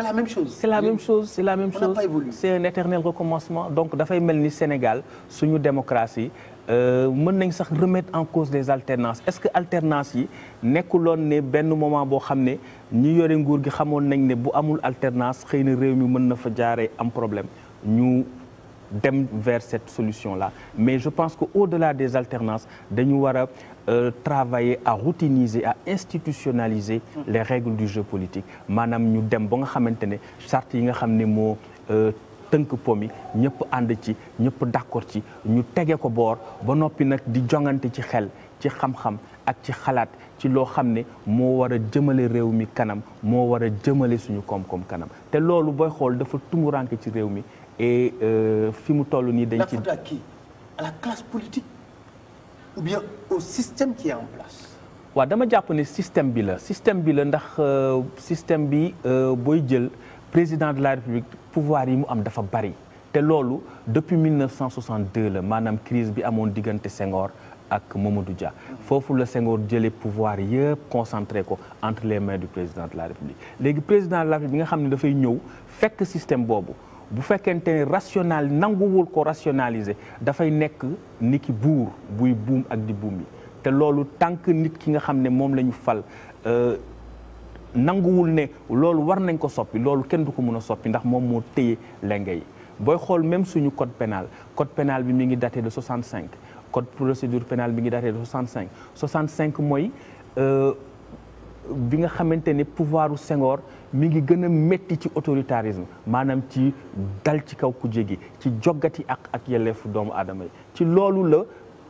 la même chose. c'est la même chose c'est la même chose c'est un éternel recommencement donc dafay mel ni Sénégal suñu démocratie. Euh, mën nañ sax remettre en cause des alternances est-ce que alternance yi nekkuloon ne benn moment boo xam ne ñu yore nguur gi xamoon nañ ne bu amul alternance xëy na réew ñu mën na fa jaaree am problème ñu dem vers cette solution la mais je pense que au-delà des alternances dañu war a euh, travailler à routiniser à institutionnaliser mm. les règles du jeu politique maanaam ñu dem ba nga xamante ne charte yi nga xam ne moo euh, tënk po mi ñëpp ànd ci ñëpp d'accord ci ñu tege ko boor ba noppi nag di jongante ci xel ci xam-xam ak ci xalaat ci loo xam ne moo war a jëmale réew mi kanam moo war a jëmale suñu koom-koom kanam te loolu booy xool dafa tumuranke ci réew mi et euh, fi mu toll nii dañ ci la faute système qui waaw dama jàpp ne système bi la système bi la ndax euh, système bi euh, booy jël président de la république pouvoir yi mu am dafa bari te loolu depuis 1962 la maanaam crise bi amoon diggante sengoor ak Mamadou Dia foofu la sengoor jëlee pouvoir yëpp concentré ko entre les mains du président de la république léegi président de la république bi nga xam ne dafay ñëw fekk système boobu bu fekkente ne rational nanguwul ko rationaliser dafay nekk ni ki buur buy buum ak di buum yi te loolu tànk nit ki nga xam ne moom la ñu fal euh, nanguwul ne loolu war nañ ko soppi loolu kenn du ko mën a soppi ndax moom moo téye lenge yi booy xool même suñu code pénal code pénal bi mi ngi daté de 65 code procédure pénale bi ngi daté de 65 65 mooy euh, bi nga xamante ne pouvoiru Senghor mi ngi gën a métti ci autoritarisme maanaam ci dal ci kaw ku gi ci joggati ak ak yelleefu doomu aadama yi ci loolu la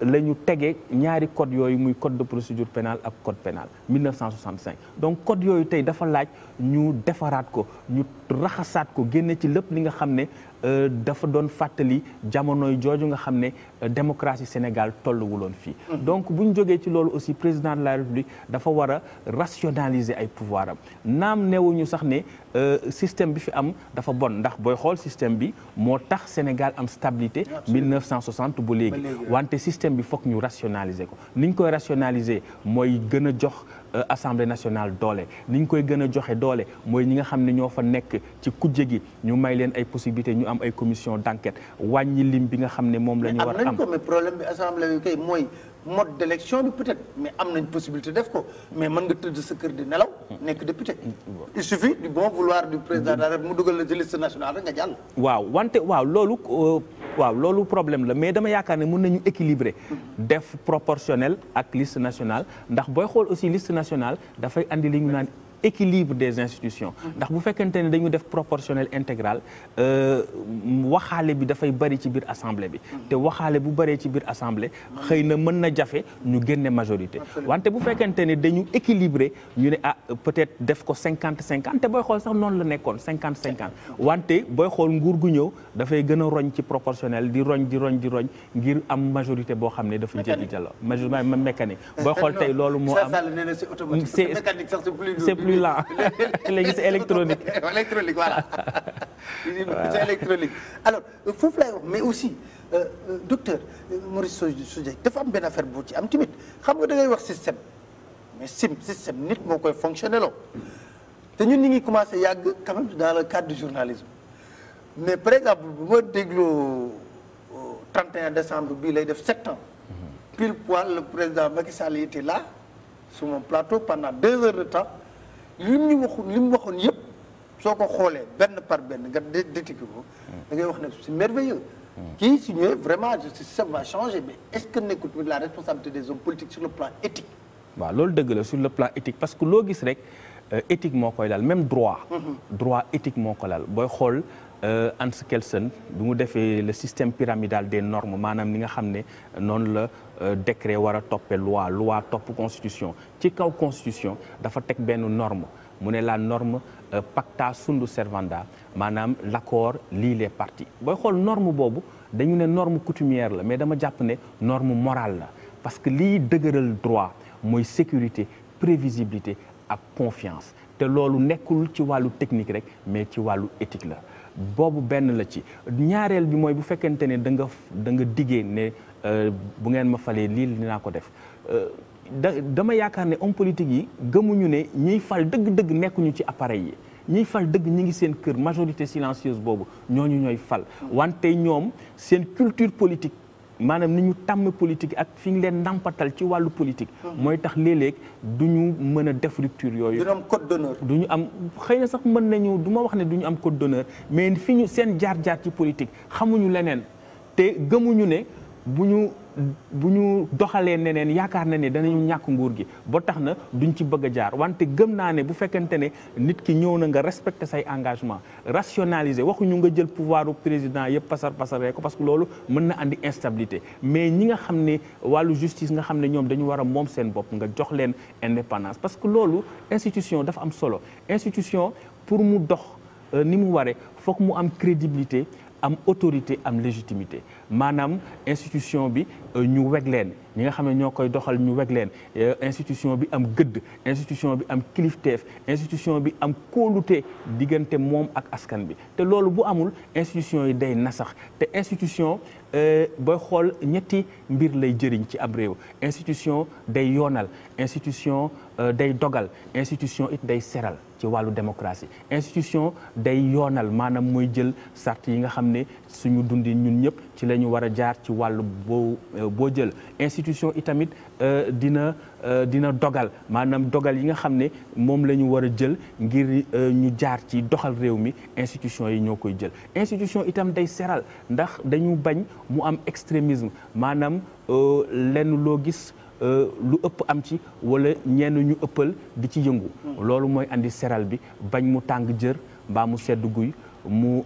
la ñu tege ñaari code yooyu muy code de procédure pénale ak code pénal 1965 donc code yooyu tey dafa laaj ñu defaraat ko ñu raxasaat ko génne ci lépp li nga xam ne Euh, dafa doon fàttali jamonoy jooju nga xam ne euh, démocratie Sénégal loon fii. Mhm. donc bu ñu jógee ci loolu aussi président de la République dafa war a rationaliser ay pouvoir am naam newuñu sax ne euh, système bi fi am dafa bon ndax booy xool système bi moo tax Sénégal am stabilité. 1960 bu léegi. wante système bi foog ñu rationaliser ko ni ñu koy rationaliser mooy gën a jox. Euh, assemblée nationale doole ni ñu koy gën a joxe doole mooy ñi nga xam ne ñoo fa nekk ci kujje gi ñu may leen ay possibilité ñu am ay commission d'enquête wàññi lim bi nga xam ne moom la war am mais problème bi assemblée bi kay mooy mode d'élection bi mais am nañ possibilité def ko mais man nga tëdd sa kër di nelaw nekk député il suffit du bon vouloir du président de la République mu dugal la ci liste nationale rek nga jàll waaw wante waaw loolu euh, waaw loolu problème la mais dama yaakaar ne mun nañu équilibrer def proportionnel ak liste nationale ndax booy xool aussi liste nationale dafay andi li ñu naan équilibre des institutions ndax bu fekkente ne dañu def proportionnel intégral euh, waxaale bi dafay bari ci biir assemblée bi te waxaale bu baree ci biir assemblée xëy na mën na jafe ñu génne majorité wante bu fekkante ni dañu équilibré ñu ne ah peut-être def ko cinquante cinquante te booy xool sax noon la nekkoon cinquante cinquante wante booy xool nguur gu ñëw dafay gën a roñ ci proportionnel di roñ di roñ ngir am majorité boo xam ne dafa jéggi jalo majorité mécanique booy xool plus lent léegi c'est électronique électronique voilà alors euh, foofu lay mais aussi euh, euh, docteur Maurice Soudieck dafa am benn affaire bu ci am tamit xam nga da wax système mais sim système nit moo koy fonctionné te ñun ñu ngi commencé yàgg quand même dans le cadre du journalisme mais par exemple bu ma dégloo 31 décembre bi lay def sept ans mhm. pile poil le président Macky Sall était là sur mon plateau pendant deux heures de temps lim ñu waxu li mu waxoon yëpp soo ko xoolee benn par benn nga détecté ko hmm. da ngay wax ne su merveilleux hmm. kii su ñëwee vraiment le système va changer mais est-ce que nekkul tamit la responsabilité des hommes politiques sur le plan éthique waaw loolu dëgg la sur le plan éthique parce que loo gis rek euh, éthique moo koy daal même droit mm-hmm. droit éthique moo ko daal booy xool Euh, Hans Kelsen bi mu defee le système pyramidal des norme maanaam li nga xam ne noonu la euh, décret war a toppee loi loi topp constitution ci kaw constitution dafa teg benn norme mu ne la norme euh, pacta sunt servanda maanaam l'accord lii les parties booy xool norme boobu dañu ne norme coutumière la mais dama jàpp ne norme morale la parce que lii dëgëral droit mooy sécurité prévisibilité ak confiance te loolu nekkul ci wàllu technique rek mais ci wàllu éthique la boobu benn la ci ñaareel bi mooy bu fekkente ne da nga da nga diggee ne euh, bu ngeen ma falee lii dinaa ko def euh, da dama yaakaar ne homme politique yi gëmuñu ne ñiy fal dëgg-dëgg nekkuñu ci appareil yi ñiy fal dëgg ñu ngi seen kër majorité silencieuse boobu ñooñu ñooy fal wante ñoom seen culture politique maanaam ni ñu tàmm politique ak fi ñu leen nàmpatal ci wàllu politique. mooy tax léeg-léeg du ñu mën a def rupture yooyu. du ñu am code d'honneur. du ñu am xëy na sax mën nañu du ma wax ne du ñu am code d'honneur mais fi ñu seen jaar-jaar ci politique xamuñu leneen te gëmuñu ne bu ñu bu ñu doxalee neneen yaakaar na ne danañu ñàkk nguur gi ba tax na duñ ci bëgg a jaar wante gëm naa ne bu fekkente ne nit ki ñëw na nga respecté say engagement rationaliser waxuñu nga jël pouvoiru président yëpp pasar pasaree ko parce que loolu mën na andi instabilité mais ñi nga xam ne wàllu justice nga xam ne ñoom dañu war a moom seen bopp nga jox leen indépendance parce que loolu institution dafa am solo institution pour mu dox euh, ni mu waree foog mu am crédibilité am autorité am légitimité maanaam institution bi ñu weg leen ñi nga xam ne ñoo koy doxal ñu weg leen eh, institution bi am gëdd institution bi am kilifteef institution bi am kóolute diggante moom ak askan bi te loolu bu amul institution yi day nasax te institution eh, booy xool ñetti mbir lay jëriñ ci ab réew institution day yoonal institution eh, day dogal institution it day seral ci wàllu démocratie institution day yoonal maanaam mooy jël sart yi nga xam ne suñu dundin ñun ñëpp ci la ñu war a jaar ci wàllu boobu Euh, boo jël institution itamit euh, dina euh, dina dogal maanaam dogal yi nga xam ne moom la ñu war a jël ngir ñu jaar ci doxal réew mi institution yi ñoo koy jël institution itam day seral ndax dañu bañ mu am extrémisme maanaam lenn loo gis lu ëpp am ci walla ñenn ñu ëppal di ci yëngu mm. loolu mooy andi seral bi bañ mu tàng jër mbaa mu sedd guy mu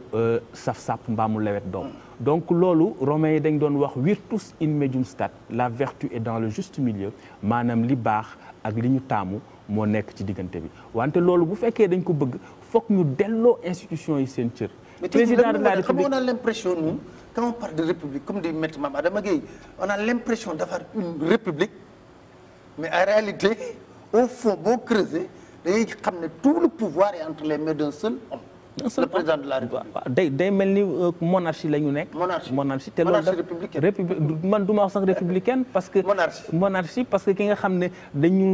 saf-sàpp mbaa mu lawet doom mm. donc loolu romains yi dañ doon wax virtus in medium stat la vertu et dans le juste milieu maanaam li baax ak li ñu taamu moo nekk ci diggante bi wante loolu bu fekkee dañ ko bëgg foog ñu delloo institution yi seen cër. président de la république on a l'impression nous quand on parle de république comme dit maître Mame a l'impression d'avoir une république mais en réalité au fond boo creuser da xam ne tout le pouvoir est entre les mains d'un la République. waaw day mel ni euh, monarchie la ñu nekk. monarchie monarchie te loolu man du ma wax sax républicaine parce que. monarchie monarchie parce que ki nga ne dañu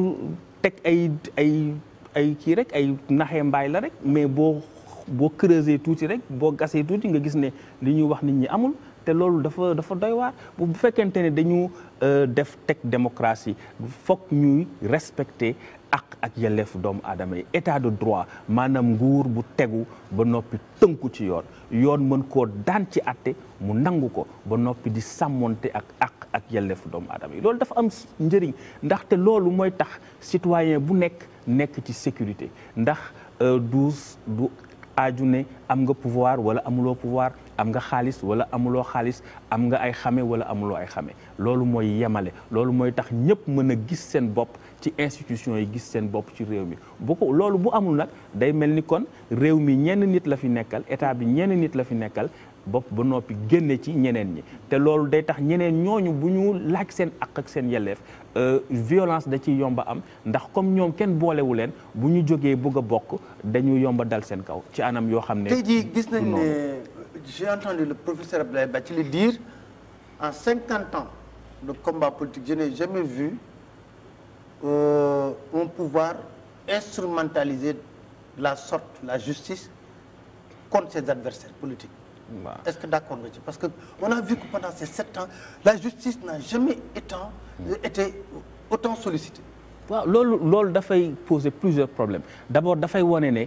teg ay ay ay kii rek ay naxee mbaay la rek mais boo boo creuser tuuti rek boo gasee tuuti nga gis ne li ñuy wax nit ñi amul. te loolu dafa dafa doy waar bu fekkente ne dañu euh, def teg démocratie foog ñuy respecter ak ak yelleef doomu aadama yi état de droit maanaam nguur bu tegu ba noppi tënku ci yoon yoon mën koo daan ci àtte mu nangu ko ba noppi di sàmmonte ak ak ak yelleef doomu aadama yi loolu dafa am njëriñ ndaxte loolu mooy tax citoyen bu nekk nekk ci sécurité ndax euh, du du aaju ne am nga pouvoir wala amuloo pouvoir am nga xaalis wala amuloo xaalis am nga ay xame wala amuloo ay xame loolu mooy yemale loolu mooy tax ñëpp mën a gis seen bopp ci institution yi gis seen bopp ci réew mi bu ko loolu bu amul nag day mel ni kon réew mi ñenn nit la fi nekkal état bi ñenn nit la fi nekkal bopp ba noppi génne ci ñeneen ñi te loolu day tax ñeneen ñooñu bu ñu laaj seen àq ak seen yelleef euh, violence da ciy yomba am ndax comme ñoom kenn boolewu leen bu ñu jógee bëgg a bokk dañu yomba dal seen kaw ci anam yoo xam j'ai entendu le professeur Abdoulaye Bathily dire en 50 ans de combat politique, je n'ai jamais vu euh, un pouvoir instrumentaliser de la sorte la justice contre ses adversaires politiques. Bah. Est-ce que d'accord nga ci parce que on a vu que pendant ces sept ans la justice n'a jamais été, mm. été autant sollicitée. waaw loolu loolu dafay poser plusieurs problèmes d'abord dafay wane ne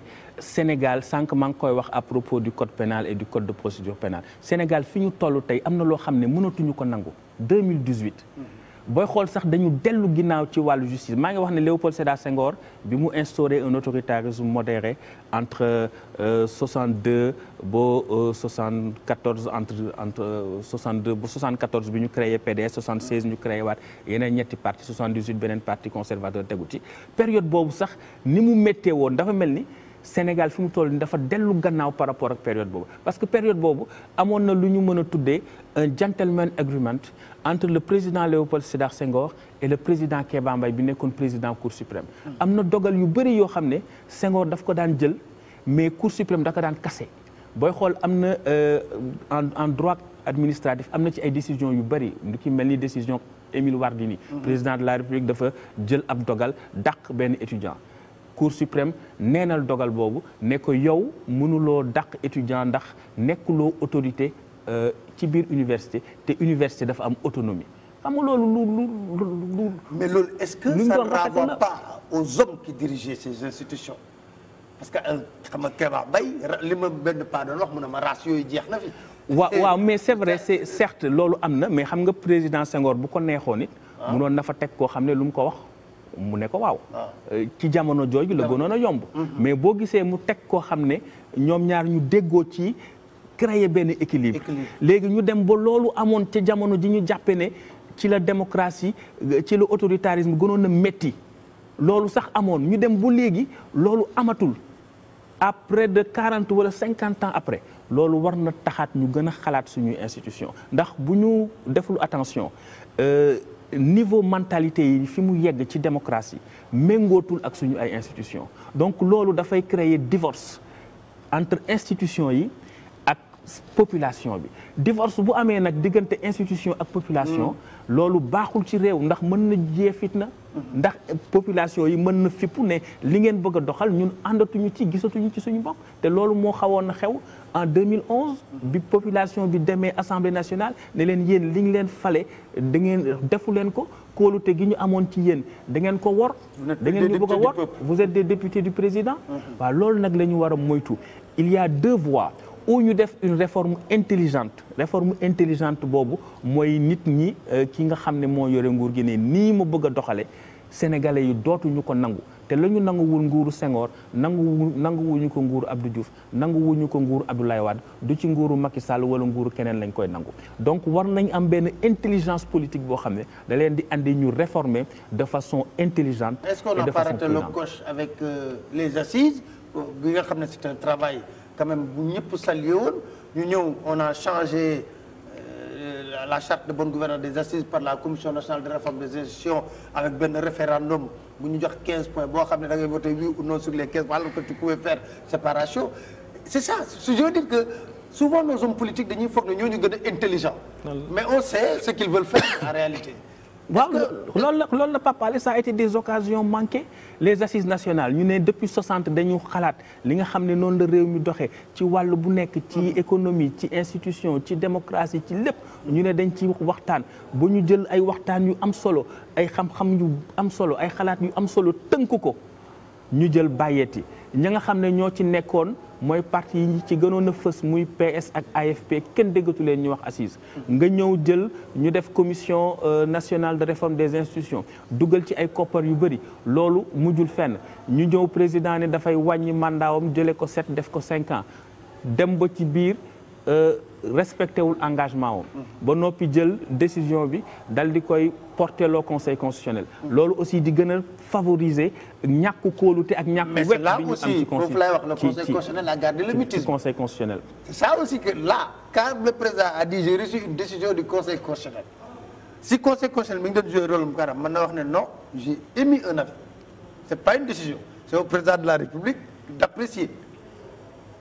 Sénégal sànq maa ngi koy wax à propos du code pénal et du code de procédure pénale Sénégal fi ñu toll tey am na loo xam ne mënatuñu ko nangu 2018. booy xool sax dañu dellu ginnaaw ci wàllu justice maa ngi wax ne Léopold Sédar Senghor bi mu instauré un autoritarisme modéré entre 62 euh, ba 74 euh, entre entre 62 euh, ba 74 bi ñu créé PDS 76 ñu créé waat yeneen ñetti parti 78 beneen parti conservateur tegu ci période boobu sax ni mu méttee woon dafa mel ni. Sénégal fi mu toll nii dafa dellu gannaaw par rapport ak période boobu parce que période boobu amoon na lu ñu mën a tuddee un gentleman agreement entre le président Léopold Sédar Senghor et le président Kéba Mbaye bi nekkoon président Cour suprême. am na dogal yu bëri yoo xam ne Senghor daf ko daan jël mais Cour suprême da daan kase booy xool am na euh, en en droit administratif am na ci ay décisions yu bëri lu ki mel ni décision Émile Wardini. Mm-hmm. président de la République dafa jël ab dogal dàq benn étudiant. cour suprême neenal dogal boobu ne ko yow mënuloo dàq étudiant ndax nekkuloo autorité euh, ci biir université te université dafa am autonomie xam nga loolu lu lu lu. mais loolu est-ce que ça ne renvoie pas aux hommes qui dirigent parce que euh, xam nga Kéba Bay li ma benn pas doon wax mu ne ma race yooyu jeex na fi. waaw waaw mais c'est vrai c'est certes loolu am na mais xam nga président Senghor bu ko neexoon it. Ah. munoon na fa teg koo xam ne lu mu ko wax. mu ne ko waaw ah. ci jamono jooju la gënoon a yomb mm-hmm. mais boo gisee mu teg koo xam ne ñoom ñaar ñu déggoo ci créer benn équilibre léegi ñu dem ba loolu amoon ca jamono ji ñu jàppe ne ci la démocratie ci la autoritarisme gënoon a métti loolu sax amoon ñu dem bu léegi loolu amatul après de quarante wala cinquante ans après loolu war na taxaat ñu gën a xalaat suñu institution ndax bu ñu deful attention euh, niveau mentalité yi fi mu yegg ci démocratie méngootul ak suñu ay institution donc loolu dafay créer divorce entre institution yi population bi divorce bu amee nag diggante institution ak population mm. loolu baaxul ci réew ndax mën na jee na mm-hmm. ndax population yi mën na fippu ne li ngeen bëgg a doxal ñun àndatuñu ci gisatuñu ci suñu bopp te loolu moo xawoon na xew en 2011 mm-hmm. bi population bi demee assemblée nationale ne leen yéen li ñu leen fale da ngeen defu leen ko kóolute gi ñu amoon ci yéen da ngeen ko wor da ngeen ñu bëgg a wor vous êtes des députés du président mm-hmm. waa loolu nag la ñu war a moytu il y a ou ñu def une réforme intelligente réforme intelligente boobu mooy nit ñi euh, ki nga xam ne moo yore nguur gi ne nii ma bëgg a doxale sénégalais yi dootuñu ko nangu te lañu ñu nanguwul nguuru Senghor nangu nanguwuñu ko nguuru Abdou Diouf nanguwuñu ko nguuru Abdoulaye Wade du ci nguuru Macky Sall wala nguuru keneen lañ koy nangu donc war nañ am benn intelligence politique boo xam ne da leen di andi ñu réformer de façon intelligente. et de façon est-ce qu'on euh, les assises bi nga xam ne c'est un travail. quand même bu ñëpp salué woon ñu ñëw on a changé euh, la charte de bonne gouvernance des assises par la commission nationale de réforme des institutions avec benn référendum bu ñu jox 15 points boo xam ne da ngay voté oui ou non sur les points alors que tu pouvais faire séparation c'est ça je veux dire que souvent nos hommes politiques dañuy foog ne ñooñu gën a intelligent mais on sait ce qu'ils veulent faire en réalité waaw loolu la loolu la Pape Alé ça a été des occasions manquées les assises nationales ñu ne depuis 60 dañu xalaat li nga xam ne noonu la réew mi doxee ci wàll bu nekk ci mm-hmm. économie ci institution ci démocratie ci lépp ñu ne dañ ci waxtaan ba ñu jël ay waxtaan yu am solo ay xam-xam yu am solo ay xalaat yu am solo tënk ko ñu jël yi ña nga xam ne ñoo ci nekkoon mooy parti yi ci gënoon a fës muy PS ak AFP kenn déggatu leen ñu wax assise nga ñëw jël ñu def commission euh, nationale de réforme des institutions dugal ci ay koppar yu bëri loolu mujjul fenn ñu ñëw président ne dafay wàññi mandaawam jëlee ko sept def ko cinq dem ba ci biir euh, respecté wul engagement wam ba noppi jël décision bi dal di koy porteloo conseil constitutionnel. loolu aussi di gën a favoriser ñàkku kóolute ak ñàkku. wet bi ñu am ci conseil ci ci conseil constitutionnel. ça aussi que là quand le président a dit j'ai reçu une décision du conseil constitutionnel si mi ngi doon jouer rôle mu kanam mën na wax ne non j'ai émis un avis c'est pas une décision c'est au président de la république d'apprécier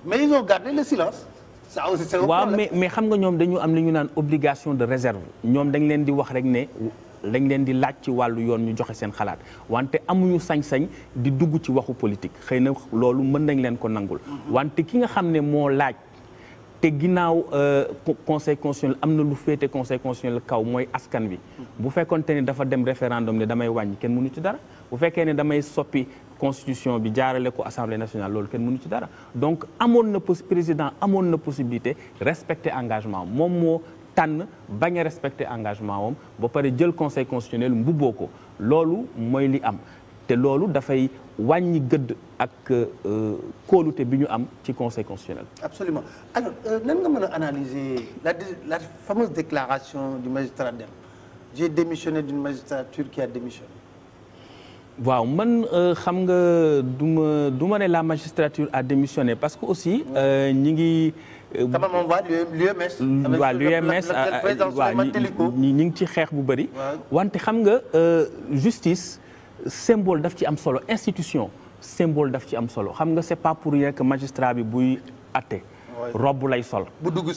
mais ils ont gardé le silence. ça aussi c'est un problème waaw mais mais xam nga ñoom dañu am li ñu naan obligation de réserve ñoom dañ leen di wax rek ne. lañ leen di laaj ci wàllu yoon ñu joxe seen xalaat wante amuñu sañ-sañ di dugg ci waxu politique xëy na loolu mën nañ leen ko nangul mm-hmm. wante ki nga xam ne moo laaj te ginnaaw euh, conseil constitutionnel am na lu féete conseil constitutionnel kaw mooy askan wi mm-hmm. bu fekkonte ne dafa dem référendum ne damay wàññi kenn mënu ci dara bu fekkee ne damay soppi constitution bi jaarale ko assemblée nationale loolu kenn munu ci dara donc amoon na président amoon na possibilité respecter engagement moom moo tànn ba a respecter engagement wam ba pare jël conseil constitutionnel mbubboo ko loolu mooy li am te loolu dafay wàññi gëdd ak euh, kóolute bi ñu am ci conseil constitutionnel. absolument alors euh, nan nga mën a analyser la la fameuse déclaration du magistrat dem j'ai démissionné d'une magistrature qui a démissionné. waaw man euh, xam nga du ma du ma ne la magistrature a démissionné parce que aussi ñi ngi. Kama moom waa ngi ci xeex bu bëri. wante xam nga euh, justice symbole daf ci am solo institution symbole daf ci am solo xam nga c'est pas pour rien que bi buy àtte. robb lay sol bu dugg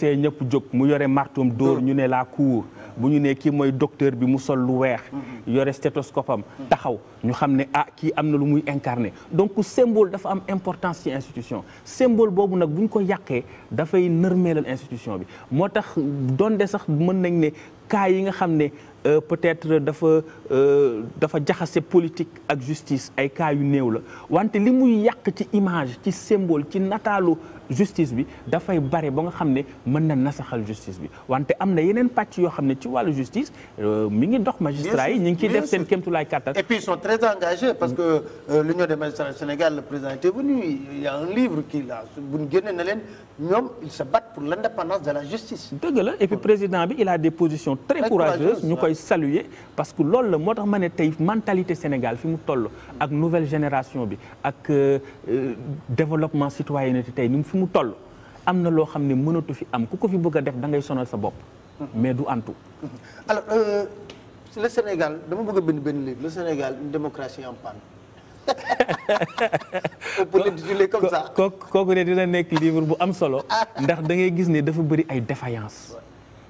see ñëpp jóg mu yore martum dóor ñu ne la cour bu ñu ne kii mooy docteur bi mu sol lu weex mm-hmm. yore stéthoscope am taxaw ñu xam ne ah kii am na lu muy incarné donc symbole dafa am importance ci institution symbole boobu nag bu ñu ko yàqee dafay nërmeelal institution bi moo tax donte sax mën nañ ne cas nga xam ne Euh, peut-être dafa euh, dafa jaxase politique ak justice ay cas yu néew la wante li muy yàq ci image ci symbole ci nataalu justice bi dafay bare ba nga xam ne mën na nasaxal justice bi wante am na yeneen pàcc yoo xam ne ci wàllu justice euh, mi ngi dox magistrat yi ñu ngi ciy def seen kéemtulaay kàttan et puis ils sont très parce que l'union des magistrats du Sénégal le président était venu il y a un livre qui là bu ñu génne na leen ñoom ils se battent pour l'indépendance de la justice dëgg la et saluer parce que loolu la moo tax ma ne tey mentalité Sénégal fi mu toll ak nouvelle génération bi ak euh, euh, développement citoyenneté tey ni mu fi mu toll am na loo xam ne mënatu fi am ku ko fi bëgg a def da ngay sonal sa bopp mais du antu euh, le Sénégal dama bëgg a bind benn livre le Sénégal une démocratie en panne kooku de dina nekk livre bu am solo ndax da ngay gis ne dafa bëri ay défaillance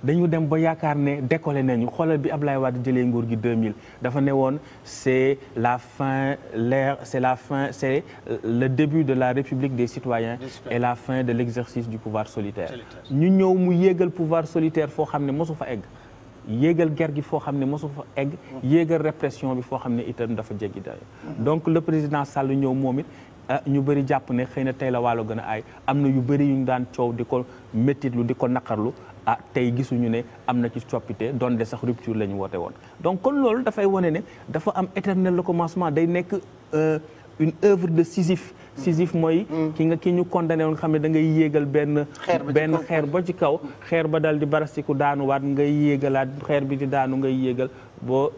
dañu dem ba yaakaar ne décollé nañu xoolal bi Ablaye Wade jëlee nguur gi 2000 dafa ne woon c'est la fin l'ère c'est la fin c'est euh, le début de la république des citoyens et la fin de l'exercice du pouvoir solitaire ñu ñëw mu yéegal pouvoir solitaire foo xam ne mosu fa egg yéegal guerre gi foo xam ne mosu fa egg yéegal répression bi foo xam ne itam dafa jéggi dayo donc le président Sall ñëw moom it ah, ñu bëri jàpp ne xëy na tey la waalo gën a aay am na yu bëri yu ñu daan coow di ko méttitlu di ko naqarlu ah tey gisuñu ne am na ci coppite donte sax rupture la ñu woote woon donc kon loolu dafay wane ne dafa am éternel la commencement day nekk euh, une œuvre de Sisyphe Sisyphe mooy mm. ki nga ki ñu condamné woon nga xam ne da ngay yéegal benn benn xeer ba ci kaw xeer ba dal di barastiku daanuwaat ngay yéegalaat xeer bi di daanu ngay yéegal boo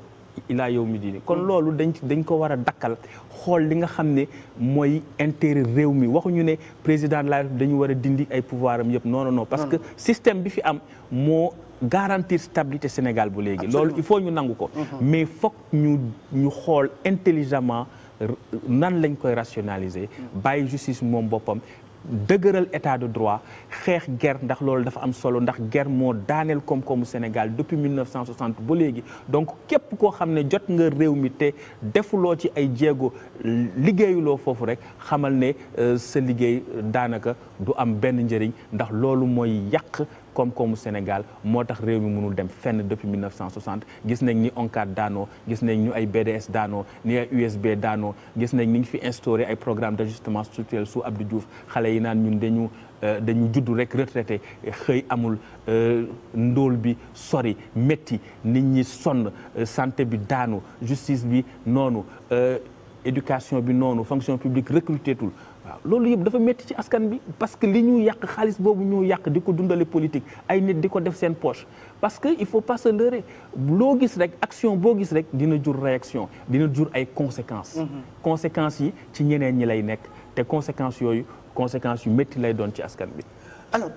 ilaa yow mi diini kon mm. loolu dañ dañ ko war a dakkal xool li nga xam ne mooy intérêt réew mi waxuñu ne président de la République dañu war a dindi ay pouvoir am yëpp noonu non parce que système bi fi am moo garantir stabilité Sénégal bu léegi loolu il faut ñu nangu ko mm-hmm. mais foog ñu ñu xool intelligemment nan lañ koy rationaliser mm. bàyyi justice moom boppam dëgëral état de droit xeex guerre ndax loolu dafa am solo ndax ger moo daaneel koom-koomu Sénégal depuis 1960 ba léegi donc képp koo xam ne jot nga réew mi te defuloo ci ay jéego liggéeyuloo foofu rek xamal ne euh, sa liggéey daanaka du am benn njëriñ ndax loolu mooy yàq koom-koomu Sénégal moo tax réew mi mënul dem fenn depuis 1960 gis nañ ni ONCAD daanoo gis nañ ñu ay BDS daanoo ni ay USB daanoo gis nañ ni ñu fi instauré ay programme d'ajustement structurel sous Abdou Diouf xale yi naan ñun dañu euh, dañu juddu rek retraité xëy amul euh, ndóol bi sori métti nit ñi sonn euh, santé bi daanu justice bi noonu éducation bi noonu fonction publique recruté waaw loolu yëpp dafa metti ci askan bi parce que li ñu yàq xaalis boobu ñu yàq di ko dundale politique ay nit di ko def seen poche parce que il faut pas se leurrer loo gis rek action boo gis rek dina jur réaction dina jur ay conséquence mhm. conséquences yi ci ñeneen ñi lay nekk te conséquence yooyu conséquences yu métti lay doon ci askan bi. alors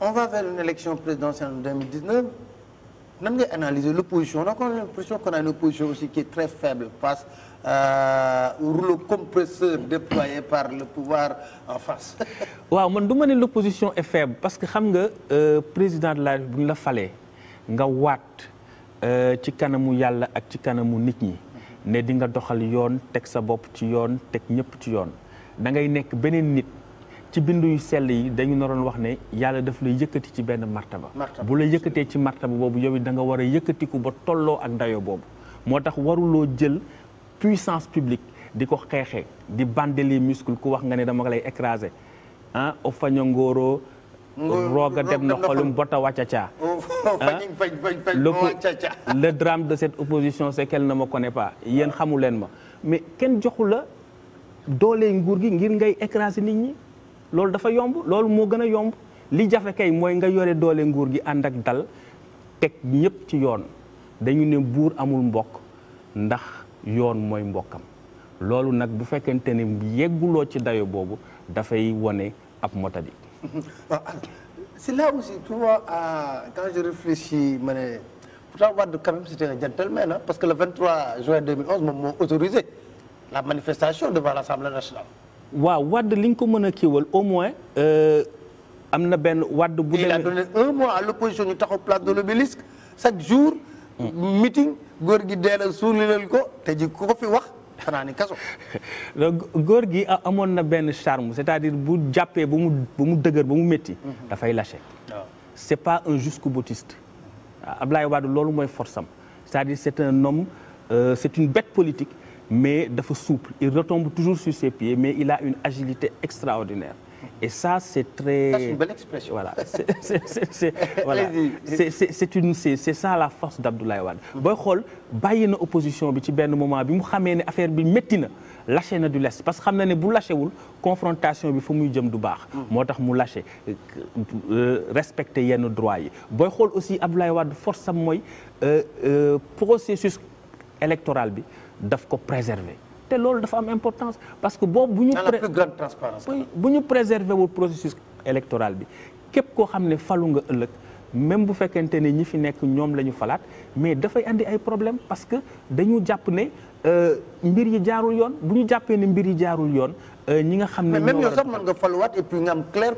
on va vers une élection présidentielle en 2019 nan ngay analyser l'opposition on a l'impression une opposition aussi qui est très euh, rouleau par le pouvoir waaw man du ma ne l'opposition et faible parce que xam nga euh, président de la République bu la falee nga waat euh, ci kanamu yàlla ak ci kanamu nit ñi ne di nga doxal yoon teg sa bopp ci yoon teg ñëpp ci yoon da ngay nekk beneen nit. ci bindu yu sell yi dañu noroon wax ne yàlla daf lay yëkkati ci benn martaba bu la yëkkatee ci martaba boobu yow it da nga war a yëkkatiku ba tolloo ak dayo boobu moo tax waruloo jël puissance publique di ko xeexee di bander les muscles ku wax nga ne dama lay écraser ah o faño ngóoroo rooga dem na xolum ca wàccaca le drame de cette opposition c'est qu'elle ne me connaît pas yéen xamu leen ma mais kenn joxu la doole nguur gi ngir ngay écraser nit ñi loolu dafa yomb loolu moo gën a yomb li jafe kay mooy nga yore doole nguur gi ànd ak dal teg ñëpp ci yoon dañu ne buur amul mbokk ndax yoon mooy mbokkam loolu nag bu fekkente ne yegguloo ci dayo boobu dafay wone ab motadi. Ah, ah, c'est là aussi tu vois ah, quand je réfléchis ma ne pourtant Wade quand même c'était un parce que le 23 juin 2011 moom moo autorisé la manifestation devant l'Assemblée nationale. waaw Wade li ñu ko mën a kiiwal au moins. Euh, am na benn Wade bu demee il a donné un mois à l'opposition ñu taxaw place de l'Obélisque chaque jour. meeting góor gi deelal suulilal ko te ji fi wax xanaa ni kaso. góor gi amoon na benn charme c'est-à-dire bu jàppee ba mu ba mu dëgër ba mu métti. Mhm. dafay lâché. Ah. c'est pas un jusqu'au-boutiste. Ah, Ablaye Wade loolu mooy force am c'est-à-dire c'est un homme euh, c'est une bête politique mais dafa souple il retombe toujours sur ses mais il a une agilité extraordinaire. Et ça, c'est très. C'est une Voilà. C'est voilà. une c'est ça la force d'Abdoulaye Wade. booy xool bàyyi na opposition bi ci benn moment bi mu xamee ne affaire bi métti na lâché na du lest parce que xam na ne bu lâchéwul confrontation bi fa muy jëm du baax. moo tax mu lâché euh, euh, respecter yenn droit yi booy xool aussi Abdoulaye Wade force am mooy euh, processus électoral bi daf ko préserver. te loolu dafa am importance parce que boobu bu ñu bu ñu préserver wul processus électoral bi képp koo xam ne falu nga ëllëg même bu fekkente ne ñi fi nekk ñoom la ñu falaat mais dafay indi ay problème parce que dañu jàpp ne euh, mbir yi jaarul yoon bu ñu jàppee ne mbir yi jaarul yoon Euh, ñi nga xam ne même mën nga faluwaat et puis nga am claire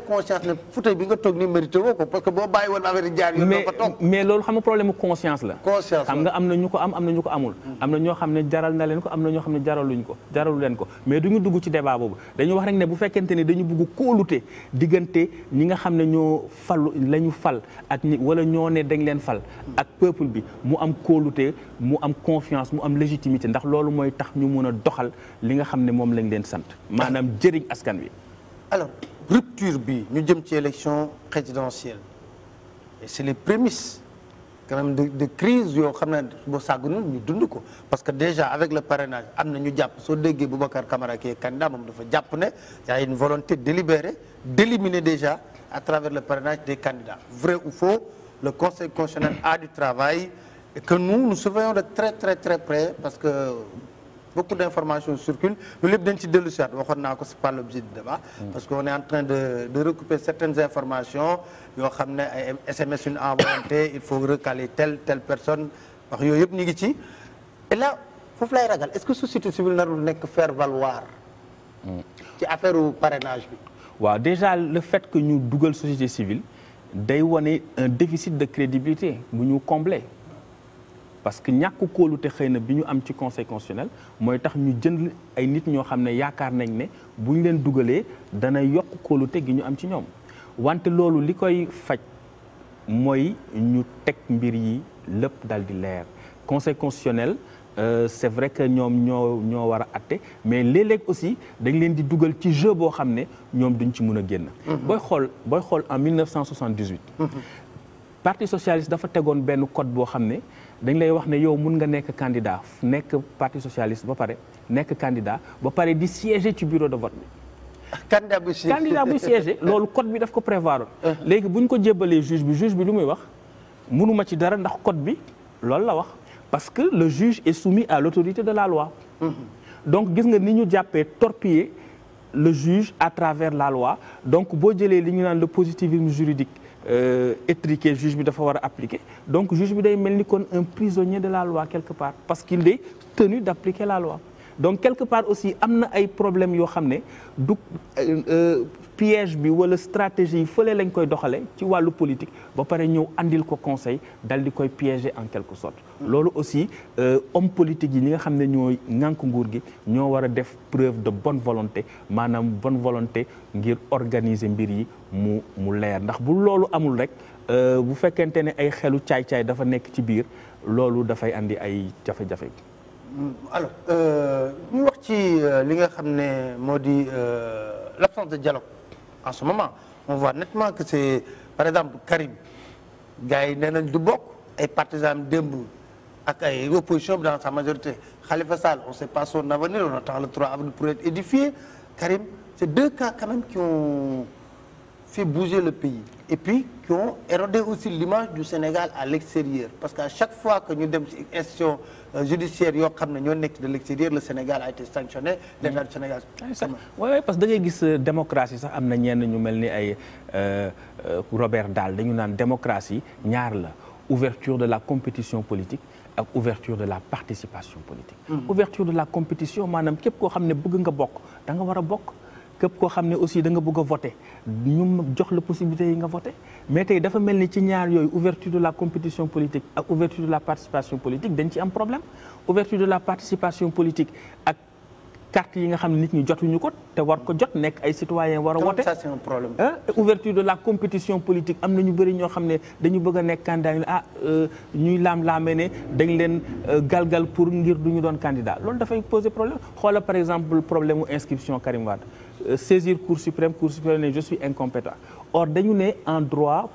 bi nga toog ni mérité woo ko parce que boo bàyyi woon affaire jaar yoon doo ko toog mais loolu xam nga la conscience xam nga am na ñu ko am am ko amul am na ñoo xam ne jaral na leen ko am na ñoo xam ne jaraluñ ko jaralu leen ko mais duñu dugg ci débat boobu dañu wax rek ne bu fekkente ne dañu bugg kóolute diggante ñi nga xam ne ñoo falu la ñu fal ak ñi wala ñoo ne dañ leen fal ak peuple bi mu am kóolute mu am confiance mu am légitimité ndax loolu mooy tax ñu mën a doxal li nga xam ne moom lañ leen sant maanaam jëriñ askan wi. alors rupture bi ñu jëm ci élection présidentielle et c'est les prémices quand même de de crise yoo xam ne boo sàggoon ñu dund ko parce que déjà avec le parrainage am na ñu jàpp soo déggee Boubacar Camara kii candidat moom dafa jàpp ne y a une volonté délibérée d'éliminer déjà à travers le parrainage des candidats vrai ou faux le conseil constitutionnel a du travail et que nous nous surveillons de très très très près parce que. beaucoup d'informations circulent loolu lépp dañ ci dellu si waat waxoon naa ko c'est pas l'objet du débat mm. parce que est en train de recouper certaines informations yoo xam ne ay SMS une inventé il faut recaler telle telle personne wax yooyu yëpp ñu ngi ci et là foofu lay ragal est-ce que société civile narul nekk faire valoir mm. ci affaire u parrainage bi waaw déjà le fait que ñu dugal société civile day wane un déficit de crédibilité bu ñu combler parce que ñàkk kóolute xëy na bi ñu am ci conseil constitutionnel mooy tax ñu jënd ay nit ñoo xam ne yaakaar nañ ne bu ñu leen dugalee dana yokk kóolute gi ñu am ci ñoom wante loolu li koy faj mooy ñu teg mbir yi lépp dal di leer conseil constitutionnel Euh, c'est vrai que ñoom ñoo ñoo war a atte mais léeg-léeg aussi dañ leen di dugal ci jeu boo xam ne ñoom duñ ci mun a génn. Mm-hmm. booy xool booy xool en 1978. Mm -hmm. parti socialiste dafa tegoon benn code boo xam ne. dañ lay wax ne yow mun nga nekk candidat nekk parti socialiste ba pare nekk candidat ba pare di siéger ci bureau de vote bi. candidat buy siégé candidat buy loolu code bi daf ko prévoir. Uh-huh. léegi bu ñu ko jébbalee juge bi juge bi lu muy wax munuma ci dara ndax code bi loolu la wax parce que le juge est soumis à l'autorité de la loi. Uh-huh. donc gis nga ni ñu jàppee torpiller le juge à travers la loi donc boo jëlee li ñu naan le positivisme juridique. Euh, étriqué juge bi dafa war a appliquer donc juge bi day mel ni kon un prisonnier de la loi quelque part parce qu'il est tenu d'appliquer la loi donc quelque part aussi am na ay problèmes yoo xam ne du euh, euh, piège bi wala stratégie yi fële lañ koy doxale ci wàllu politique ba pare ñëw andil ko conseil dal di koy piéger en quelque sorte. loolu aussi euh, homme politique yi ñi nga xam ne ñooy ŋànk nguur gi ñoo war a def preuve de bonne volonté maanaam bonne volonté ngir organiser mbir yi mu mu leer ndax bu loolu amul rek euh, bu fekkente ne ay xelu caay-caay dafa nekk ci biir loolu dafay andi ay jafe-jafe. Mm, alors euh, ñu wax ci li nga xam ne moo di l'absence de dialogue. en ce moment on voit nettement que c'est par exemple Karim gars yi nee nañ du bokk ay partisans démb ak ay opposition dans sa majorité Khalifa Sall on sait pas son avenir on attend le 3 avril pour être édifié Karim c'est deux cas quand même qui ont fait bouger le pays et puis qui ont aussi l'image du Sénégal à l'extérieur parce que chaque fois que ñu dem ci institution euh, judiciaire yoo xam ne ñoo nekk de l'extérieur le Sénégal a été sanctionné l'État du Sénégal waaw ah, parce que da ngay gis euh, démocratie sax am na ñenn ñu mel ni ay euh, Robert Daal dañu naan démocratie ñaar la ouverture de la compétition politique ak ouverture de la participation politique hmm. ouverture de la compétition maanaam képp koo xam ne bëgg nga bokk da bokk képp koo xam ne aussi da nga bëgg voté ñu jox la possibilité yi nga voté mais tey dafa mel ni ci ñaar yooyu ouverture de la compétition politique ak ouverture de la participation politique dañ ci am problème ouverture de la participation politique ak carte yi nga xam ne nit ñi jotuñu ko te war ko jot nekk ay citoyen war a wote problème ah, ouverture de la compétition politique am na ñu bëri ñoo xam ne dañu bëgg nekk candidat ñu ah euh, ñuy laam-laamee ne dañ leen euh, gal pour ngir du ñu doon candidat loolu dafay poser problème xoola par exemple problème mu inscription Euh, saisir cour suprême cour suprême ne je suis incompétent or dañu ne en droit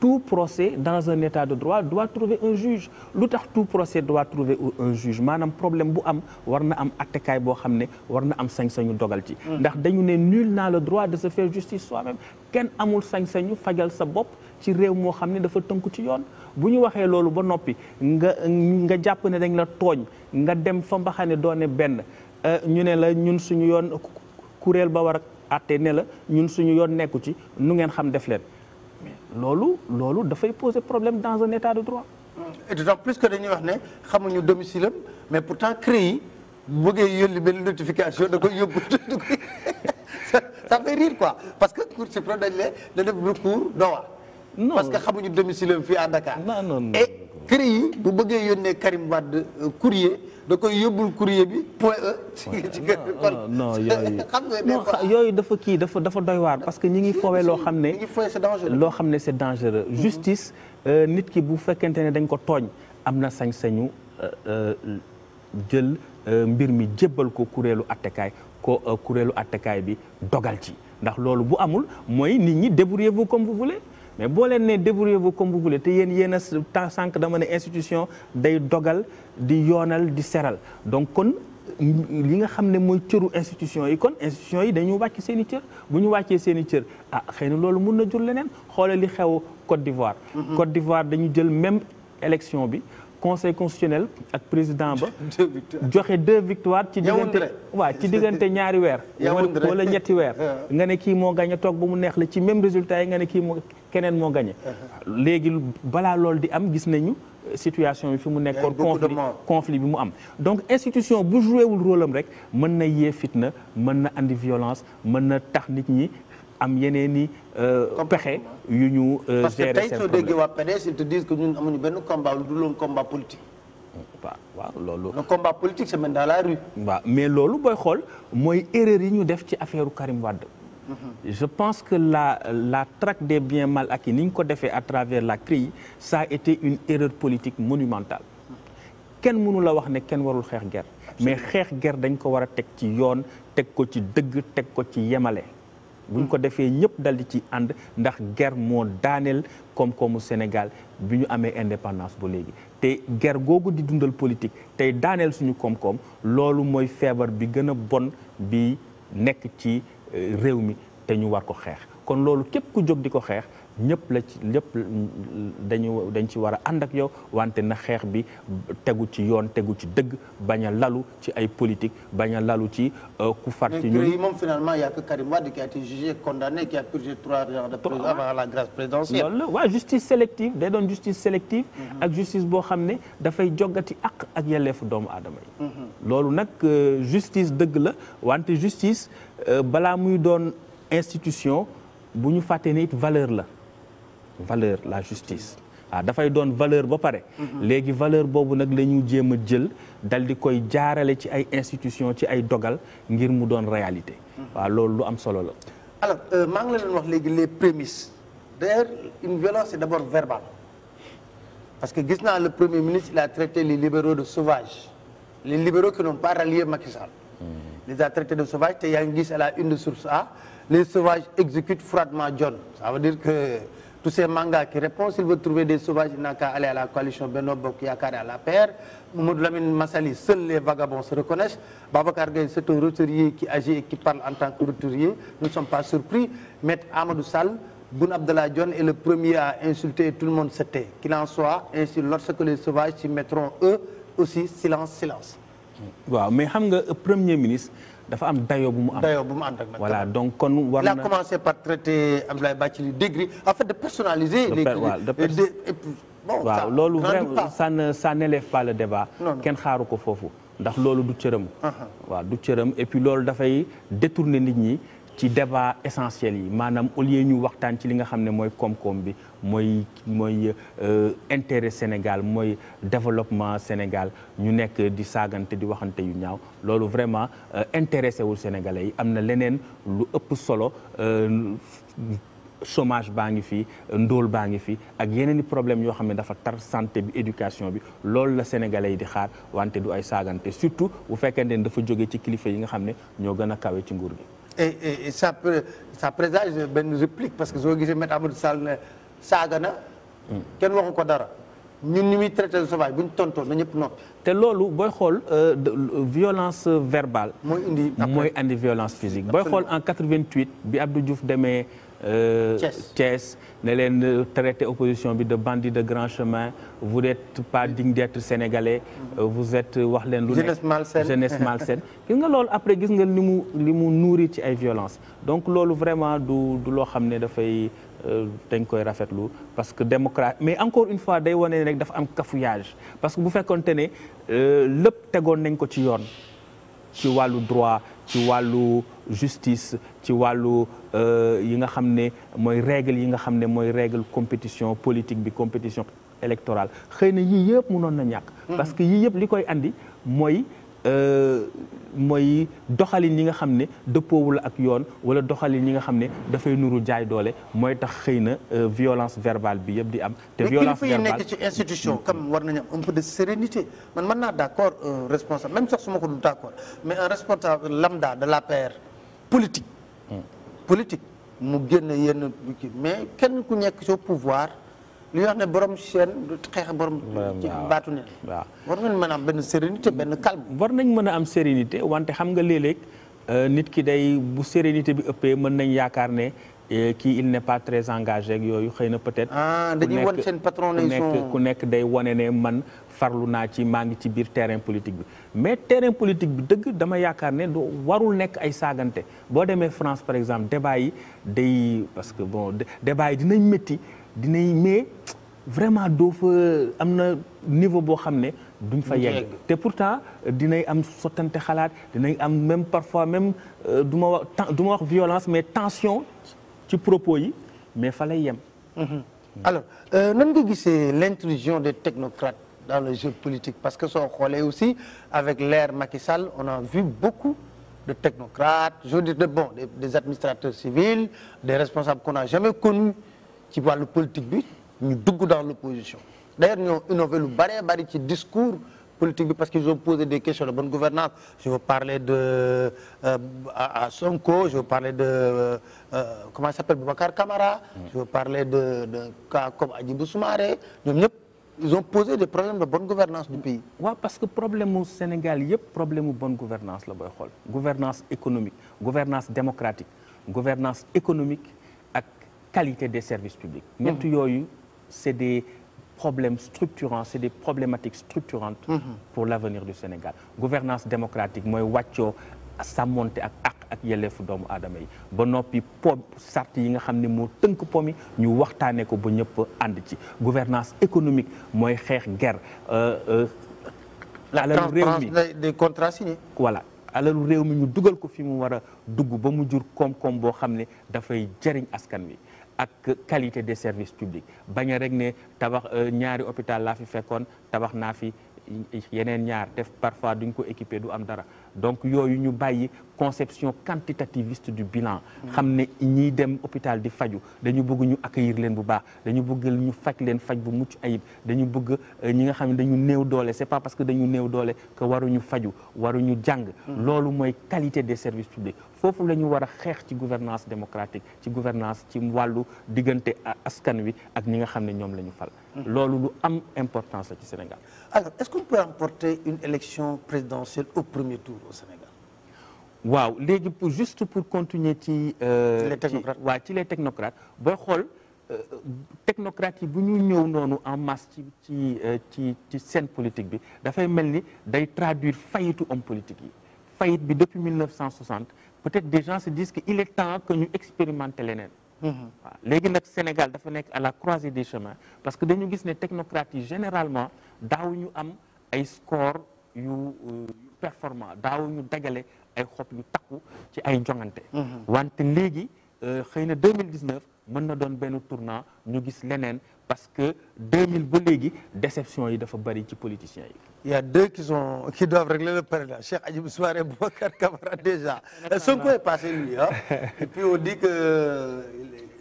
tout procès dans un état de droit doit trouver un juge lu tax tout procès doit trouver un juge maanaam problème bu am war na am attekaay boo xam ne war na am sañ-sañu dogal ci mm. ndax dañu ne nul n'a le droit de se faire justice soi-même kenn amul sañ-sañu fajal sa bopp ci réew moo xam ne dafa tënku ci yoon bu ñu waxee loolu ba noppi nga nga jàpp ne dañ la tooñ nga dem fa mbaxane doone euh, ñu ne la ñun suñu yoon kuréel ba war atte àtte ne la ñun suñu yoon nekku ci nu ngeen xam def leen loolu loolu dafay poser problème dans un état de droit. et d'autant plus que dañuy wax ne xamuñu domicile am mais pourtant CREI bu bëggee yónni benn notification da koy yóbbu da koy ça fait rire quoi parce que Cour suprême dañ ne da def recours doo wax. non parce que xamuñu domicile am fii à Dakar. non non non. yi bu bëggee yónnee Karim Wade euh, courrier da koy yóbbul courrier bi point E. yooyu xam yooyu dafa kii dafa dafa doy waar parce que ñi ngi foowee loo xam ne. loo xam ne c'est dangereux. Mm-hmm. justice euh, nit ki bu fekkente ne dañ ko tooñ am na sañ-sañu euh, jël mbir mi jébbal ko kuréelu attekaay ko kuréelu attekaay bi dogal ci ndax loolu bu amul mooy nit ñi débrouillez-vous comme vous mais boo leen ne débrouillez-vous comme vous voulez te yéen yéen a sànq dama ne institution day dogal di yoonal di seral donc kon mm, li nga xam ne mooy cëru institution yi kon institution yi dañu wàcc seen i cër bu ñu wàccee seen i cër ah xëy na loolu mun na jur leneen xoolal li xew Côte d'Ivoire. Côte d'Ivoire dañu jël même élection bi. conseil constitutionnel ak président ba joxe deux victoires ci diggante waaw ci diggante ñaari weer wala ñetti weer nga ne kii moo gañe toog ba mu neex la ci même résultat yi nga ne kii moo keneen moo gañe uh-huh. léegi balaa loolu di am gis nañu uh, situation bi fi mu nekkoon conflit conflit bi mu am donc institution bu joué wul rôle am rek mën na yee na mën na andi violence mën na tax nit ñi am yeneen i euh, pexe yu ñu euh, gérer seen problème parce que tey soo déggee waa PDS ils te disent waaw waaw loolu. le combat politique c'est même mais loolu booy xool mooy erreur yi ñu def ci affaire Karim Wade. Mhm. je pense que la la traque des biens mal acquis ni ñu ko defee à travers la CREI ça été une erreur politique monumentale. kenn mënula wax ne kenn warul xeex guerre. mais xeex ger dañ ko war a teg ci yoon teg ko ci dëgg teg ko ci yemale. buñ ko defee ñëpp dal di ci ànd ndax ger moo daaneel koom-koomu Sénégal bi ñu amee indépendance bu léegi te ger googu di dundal politique tey daaneel suñu koom-koom loolu mooy feebar bi gën a bon bi nekk ci euh, réew mi te ñu war ko xeex kon loolu képp ku jóg di ko xeex ñëpp la ci ñëpp dañu dañ ci war a ànd ak yow wante na xeex bi tegu ci yoon tegu ci dëgg bañ a lalu ci ay politique bañ a lalu ci euh, ku far ci ñun. moom a que a été jugé condamné qui a purgé trois ans de prison avant la grâce présidentielle. loolu la waaw justice sélective day doon justice sélective. Mhm. ak justice boo xam ne dafay joggati ak ak yelleefu doomu aadama yi. Mhm. loolu nag euh, justice dëgg la wante justice euh, balaa muy doon institution bu ñu fàttee ne it valeur la. valeur la justice waaw ah, dafay doon valeur ba pare mm-hmm. léegi valeur boobu nag la ñu a jël dal di koy jaarale ci ay institution ci ay dogal ngir mu doon réalité waaw mm-hmm. ah, loolu lu am solo la alors euh, maa ngi la doon wax léegi les prémices d'ailleurs une violence est d'abord verbale parce que gis naa la premier ministre il a traité les libéraux de sauvages les libéraux qui n'ont pas rallié Macky Sall mm. les a traités de sauvages te yaa ngi gis la une de source A les sauvages Tous ces mangas qui répondent, s'il veut trouver des sauvages, il n'a qu'à aller à la coalition Benno Bokk Yaakaar et à la paire. Mamadou Lamine Massali, seuls les vagabonds se reconnaissent. Babacar Gaye, c'est un roturier qui agit et qui parle en tant que roturier. Nous ne sommes pas surpris. Maître Amadou Sall, Boun Abdallah Dionne est le premier à insulter tout le monde se tait. Qu'il en soit ainsi, lorsque les sauvages s'y mettront, eux aussi, silence, xam nga premier ministre dafa am dayoo bu mu am dayoo bu mu voilà donc kon war na. il a commencé par traiter Abdoulaye Bathily Degré afin de personnaliser. de per waaw de bon waaw loolu vraiment kenn xaaru ko foofu ndax loolu du cëram. Uh-huh. waaw du cëram et puis loolu dafay détourner nit ñi ci débat essentiel yi maanaam au lieu ñu waxtaan ci li nga xam ne mooy koom-koom bi. mooy mooy euh, intérêt Sénégal mooy développement Sénégal ñu nekk di saagante di waxante yu ñaaw loolu vraiment euh, intéressé wul Sénégalais yi am na leneen lu ëpp solo euh, chômage baa ngi fi ndóol baa ngi fi ak yeneen i problème yoo xam ne dafa tar santé bi éducation bi loolu la sénégalais yi di xaar wante du ay saagante surtout bu fekkente ne dafa jóge ci kilifa yi nga xam ne ñoo gën a kawe ci nguur gi. et et ça peut benn réplique parce que soo gisee maître Amadou Sall saaga na. kenn waxu ko dara ñun ni muy traité sauvage bu ñu tontoo na ñëpp noppi. te loolu booy xool euh, violence verbale. mooy indi mooy indi violence physique. booy xool en 88 bi Abdou Diouf demee. Euh, Thiès ne leen euh, traité opposition bi de bandits de grand chemin vous n'êtes pas digne d'être sénégalais. vous êtes wax leen lu nekk jeunesse malsaine jeunesse malsaine gis nga loolu après gis nga li mu li mu nourri ci ay violence donc loolu vraiment du loo xam ne dafay. Euh, dañ koy rafetlu parce que démocrate mais encore une fois day wane rek dafa am cafouillage parce que bu fekkonte ne euh, lépp tegoon nañ ko ci yoon ci wàllu droit ci wàllu justice ci wàllu euh, yi nga xam ne mooy règle yi nga xam ne mooy règle compétition politique bi compétition électoral xëy na yii yëpp mënoon na ñàkk mm-hmm. parce que yii yëpp li koy andi mooy Euh, mooy doxalin yi nga xam ne dëppoowul ak yoon wala doxalin yi nga xam ne dafay nuru jaay doole mooy tax xëy na euh, violence verbale bi yëpp di am. te violence verbale mais nekk ci institution kam mm. war nañu am man mën naa d' accord euh, responsable même sax su ma ko dul d' accord mais un responsable lambda de l'APR politique. Mm. politique mu génn yenn mais kenn ku nekk ci pouvoir. lu wax ne borom seen du xeex borom. ci baatu ne waaw war a am benn sérénité benn calme. war nañ mën a am sérénité wante xam nga léeg-léeg euh, nit ki day bu sérénité bi ëppee mën nañ yaakaar ne. Euh, kii il n'est engagé ak yooyu xëy na peut-être. ah dañuy wan seen patron ku nekk ku nekk day wane ne man farlu naa ci maa ngi ci biir terrain politique bi. mais terrain politique bi dëgg dama yaakaar ne du warul nekk ay saagante boo demee France par exemple débat yi day parce que bon débat yi dinañ métti. dinañ mais vraiment doo fa am na niveau boo xam ne duñ fa yegg te pourtant dinay am sottante xalaat dinay am même parfois même euh, du ma wax du ma wax violence mais tension ci propos yi mais fa lay yem mhm. alors euh, nan nga gisee l'intrusion des technocrates dans le jeu politique parce que soo xoolee aussi avec l'ère Macky Sall on a vu beaucoup de technocrates je veux dire de bon des, des administrateurs civils des responsables qu'on n'a jamais connus ci wàllu politique bi ñu dugg dans l'opposition d'ailleurs ñoo innové lu bëree bëri ci discours politique bi parce qu'ils ont posé des questions de bonne gouvernance je veux parler de euh, à, de euh, euh, comment il s'appelle Boubacar Camara je veux parler de de cas comme Hadjibou ñoom ñëpp ils ont posé des problèmes de bonne gouvernance du pays waaw parce que problème mu Sénégal yëpp problème mu bonne gouvernance la booy xool gouvernance économique gouvernance démocratique gouvernance économique qualité des services publics. Mm. ñett yooyu c'est des problèmes structurants c'est des problèmatiques structurantes. Mm-hmm. pour l'avenir du Sénégal gouvernance démocratique mooy wàccoo sàmmonte ak ak ak yelleefu doomu aadama yi ba noppi po sart yi nga xam ne moo tënk po mi ñu waxtaanee ko ba ñëpp ànd ci gouvernance économique mooy xeex ger euh, euh, alalu réew mi des contrats signés réew mi ñu dugal ko fi mu war a dugg ba mu jur koom-koom boo xam ne dafay jëriñ askan wi ak qualité des services publics bañ rek ne tabax euh, ñaari hôpital laa fi fekkoon tabax naa fi yeneen ñaar te parfois duñ ko équiper du am dara donc yooyu ñu bàyyi conception quantitativiste du bilan xam ne ñiy dem hôpital di faju dañu bëgg ñu accueillir leen bu baax dañu bëgg ñu faj leen faj bu mucc ayib dañu bëgg euh, ñi nga xam ne dañu néew doole c'est pas parce que dañu néew doole que waruñu faju waruñu jàng mm. loolu mooy qualité des services publics foofu la ñu war a xeex ci gouvernance démocratique ci gouvernance ci wàllu diggante askan wi ak ñi nga xam ne ñoom la ñu fal mm-hmm. loolu lu am importance la ci Sénégal alors est-ce qu'on peut remporter une élection présidentielle au premier tour au Sénégal waaw léegi pour juste pour continuer ci euh, les technocrates waaw ci les technocrates booy xool euh, technocrates yi bu ñu ñëw noonu en masse ci ci euh, ci ci scène politique bi dafay mel ni day traduire fayitu homme politique yi faillite bi depuis 1960 peut-être des gens se disent que il est temps que ñu expérimenter leneen. Mm-hmm. waaw léegi nag Sénégal dafa nekk à la croisée des chemins parce que dañu gis ne technocrates yi généralement daawuñu am ay score yu euh, performant daawuñu dajale ay xob yu takku ci ay jongante. Mm-hmm. wante léegi euh, xëy na 2019 mën na doon benn tournant ñu gis leneen. parce que 2000 ba léegi déception yi dafa bari ci politiciens yi. Il y a deux qui sont qui doivent régler le problème là Cheikh Hadjibou Souare et Boubacar Camara déjà. Euh, est passé lui ah. puis on dit que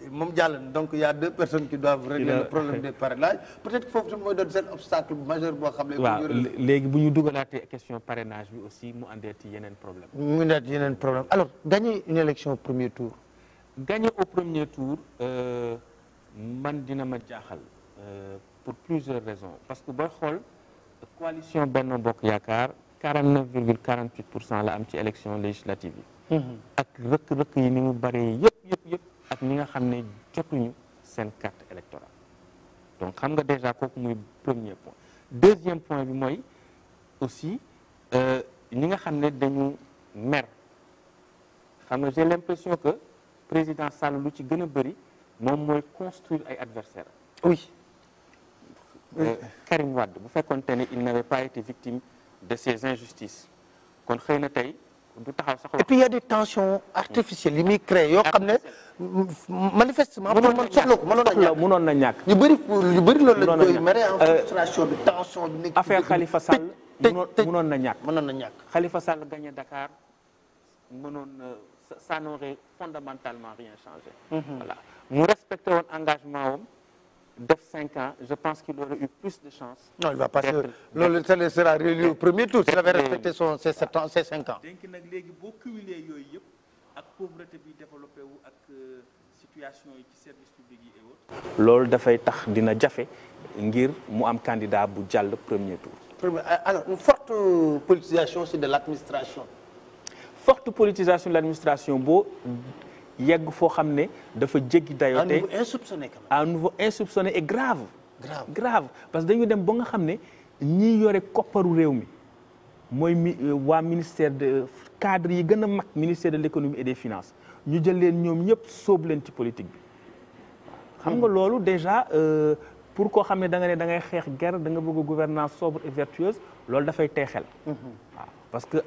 moom jàll na donc il y a deux personnes qui doivent régler le problème des parrainages peut-être foofu mooy doon seen obstacle majeur boo xam ne. waaw léegi bu ñu dugalaatee question parrainage bi aussi mu andeeti yeneen problème. mu andeeti yeneen problème alors gagner une élection au premier tour. gagner au premier tour. Euh, man dina ma jaaxal euh, pour plusieurs raisons parce que booy xool coalition benn Bokk Yaakaar 49 virgule 48 pour cent la am ci élection législative yi. Mm-hmm. ak rëkk-rëkk yi ni mu bëree yëpp yëpp yëpp ak ñi nga xam ne jotuñu seen carte électorale donc xam nga déjà kooku muy premier point deuxième point bi mooy aussi euh, ñi nga xam ne dañu mer xam nga j'ai l'impression que président Sall lu ci gën a bëri. moom mooy construire ay adversaire oui euh, Karim Wade bu fekkoonte ne il n'avait pas été victime de ces injustices kon xëy na tey du taxaw sax et puis il y a des tensions yi muy créé yoo xam ne manifestement pour man soxla ko mënoon na ñàkk ñu bëri ñu bëri loolu la ñu mere en euh, frustration bi tension bi nekk Khalifa Sall mënoon na ñàkk mënoon na ñàkk Khalifa Sall gagné Dakar mënoon euh, ça n'aurait mu respecté woon engagement am def cinq ans je pense qu'il aurait eu plus de chance. non il va passer loolu ça sera réélu au premier tour. s'il avait respecté son cinq ans. dénk nag léegi boo cumulé yooyu yëpp ak pauvreté bi développé wu ak euh, situation yi ci loolu dafay tax dina jafe ngir mu am candidat bu jàll premier tour. premier ah, une forte politisation de l'administration. forte politisation de yegg foo xam ne dafa jéggi dayoo te à nouveau insoupçonné à nouveau insoupçonné et grave. grave parce que dañu dem ba nga xam ne ñiy yore kopparu réew mi mooy mi euh, waa ministère de euh, cadre yi gën a mag ministère de l'économie et des finances ñu jël leen ñoom ñëpp sóob leen ci politique bi. xam nga hmm. loolu déjà euh, pour koo xam ne da ne da ngay xeex guerre da nga bëgg gouvernance sobre et vertueuse loolu dafay tey xel hmm, hmm. parce que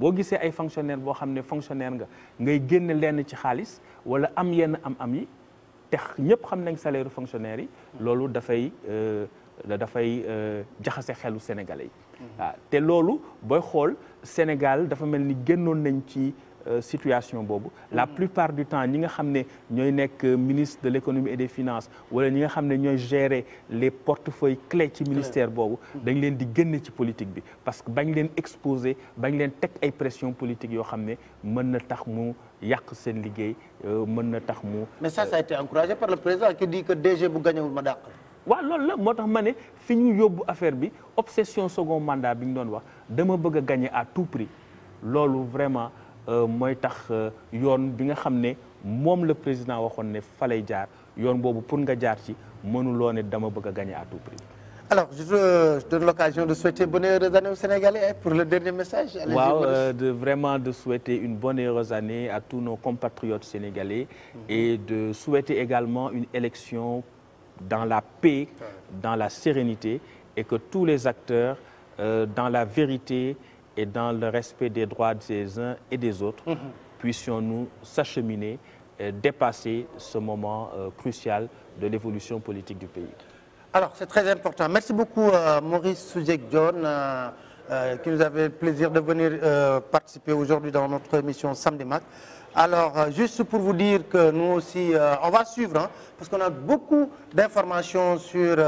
boo gisee ay fonctionnaire boo xam ne fonctionnaire nga ngay génn lenn ci xaalis wala am yenn am-am yi te ñëpp xam nañ salaire fonctionnaire yi. loolu dafay euh, dafay euh, jaxase xelu sénégalais yi. waaw mm-hmm. ah, te loolu booy xool Sénégal dafa mel ni génnoon nañ ci. Euh, situation boobu la mhm. plupart du temps ñi nga xam ne ñooy nekk euh, ministre de l'économie et des finances wala ñi nga xam ne ñooy gérer les portefeuilles clés ci ministère boobu mhm. dañ leen di génne ci politique bi parce que bañ leen exposer bañ leen teg ay pression politique yoo xam ne mën na tax mu yàq seen liggéey euh, mën na tax mu mais ça ça a été encouragé par le président qui dit que DG bu gañewul ma dàq waaw loolu la moo tax ma ne fi ñu yóbbu affaire bi obsession second mandat bi ñu doon wax dama bëgg a à tout prix loolu vraiment Euh, mooy tax euh, yoon bi nga xam ne moom la président waxoon ne falay jaar yoon boobu pour nga jaar ci mënuloo ne dama bëgg a gagner à tout prix. alors je te donne l'occasion de souhaiter bonne heureuse année aux Sénégalais pour le dernier message. waaw euh, de vraiment souhaiter une bonne heureuse année à tous nos compatriotes sénégalais. Mhm. et de souhaiter également une élection dans la paix, dans la sérénité et que tous les acteurs euh, dans la vérité. et dans le respect des droits des uns et des autres, mm-hmm. puissions-nous s'acheminer et euh, dépasser ce moment euh, crucial de l'évolution politique du pays. Alors, c'est très important. Merci beaucoup euh, Maurice Soudjek-John qui nous avait le plaisir de venir participer aujourd'hui dans notre émission Samedi Mac. juste pour vous dire que nous aussi, suivre, parce qu'on a beaucoup d'informations sur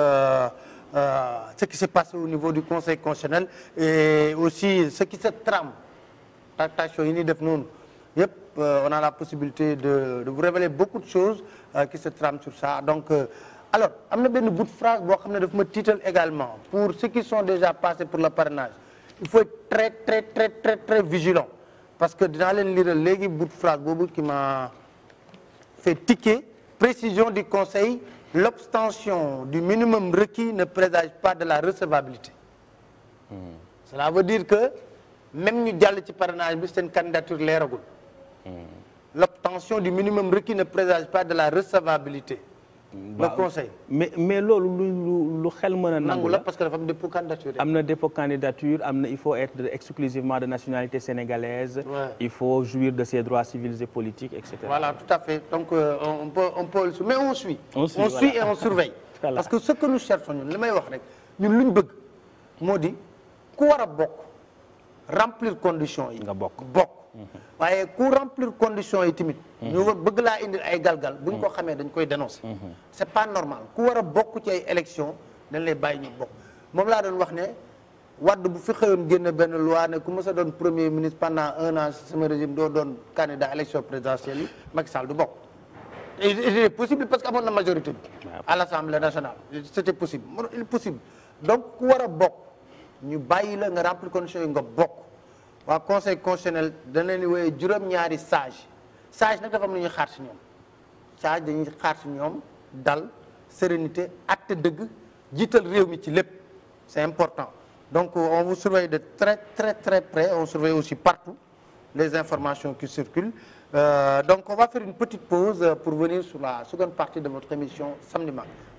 euh, ce qui se passe au niveau du conseil constitutionnel et aussi ce qui se trame tractation yi ñuy def noonu yëpp euh, on a la possibilité de de vous révéler beaucoup de choses euh, qui se trament sur ça donc euh, alors am na benn bout de phrase boo xam ne daf ma tiital également pour ceux qui sont déjà passés pour le parrainage il faut être très très très très vigilant parce que dinaa leen liral léegi bout de phrase boobu qui m'a fait tiquer précision du conseil l'obtention du minimum requis ne présage pas de la recevabilité mmh. cela veut dire que même ñu jàll ci parrainage bi seen candidature leeragul mmh. l'obtention du minimum requis ne présage pas de la recevabilité le conseil mais mais loolu lu lu xel mën a. nangu la parce que fa am dépôt candidature. am na dépôt candidature am na il faut être exclusivement de nationalité sénégalaise. il faut jouir de ses droits civils et politiques et tout à fait donc euh, on peut on peut mais on suit. on et on surveille. parce que ce que nous cherchons ñun li may wax rek ñun lu ñu bëgg moo di ku war a bokk remplir conditions yi. nga bokk bokk. waaye ku remplir condition yi tamit. Mhm. ñu war bëgg laa indil ay galgal bu ñu ko mhm. xamee dañ koy dénoncer. Mhm. c'est pas normal ku war a bokk ci ay élection dañ lay bàyyi ñu bokk moom laa doon wax ne wadd bu fi xëyoon génn benn loi ne ku mës a doon premier ministre pendant un an sama régime doo doon candidat élection présidentielle yi Macky Sall du bokk. il est possible parce que amoon na majorité bi. Ah à l'Assemblée nationale c'était possible il est possible donc ñu bàyyi la nga remplir condition yi waa conseil constitutionnel dana leen wooye juróom-ñaari sage sage nag dafa am lu ñuy xaar si ñoom sage dañuy xaar si ñoom dal sérénité acte dëgg jiital réew mi ci lépp c'est important donc euh, on vous surveille de très très très près on surveille aussi partout les informations qui circulent euh, donc on va faire une petite pause euh, pour venir sur la seconde partie de votre émission samedi matin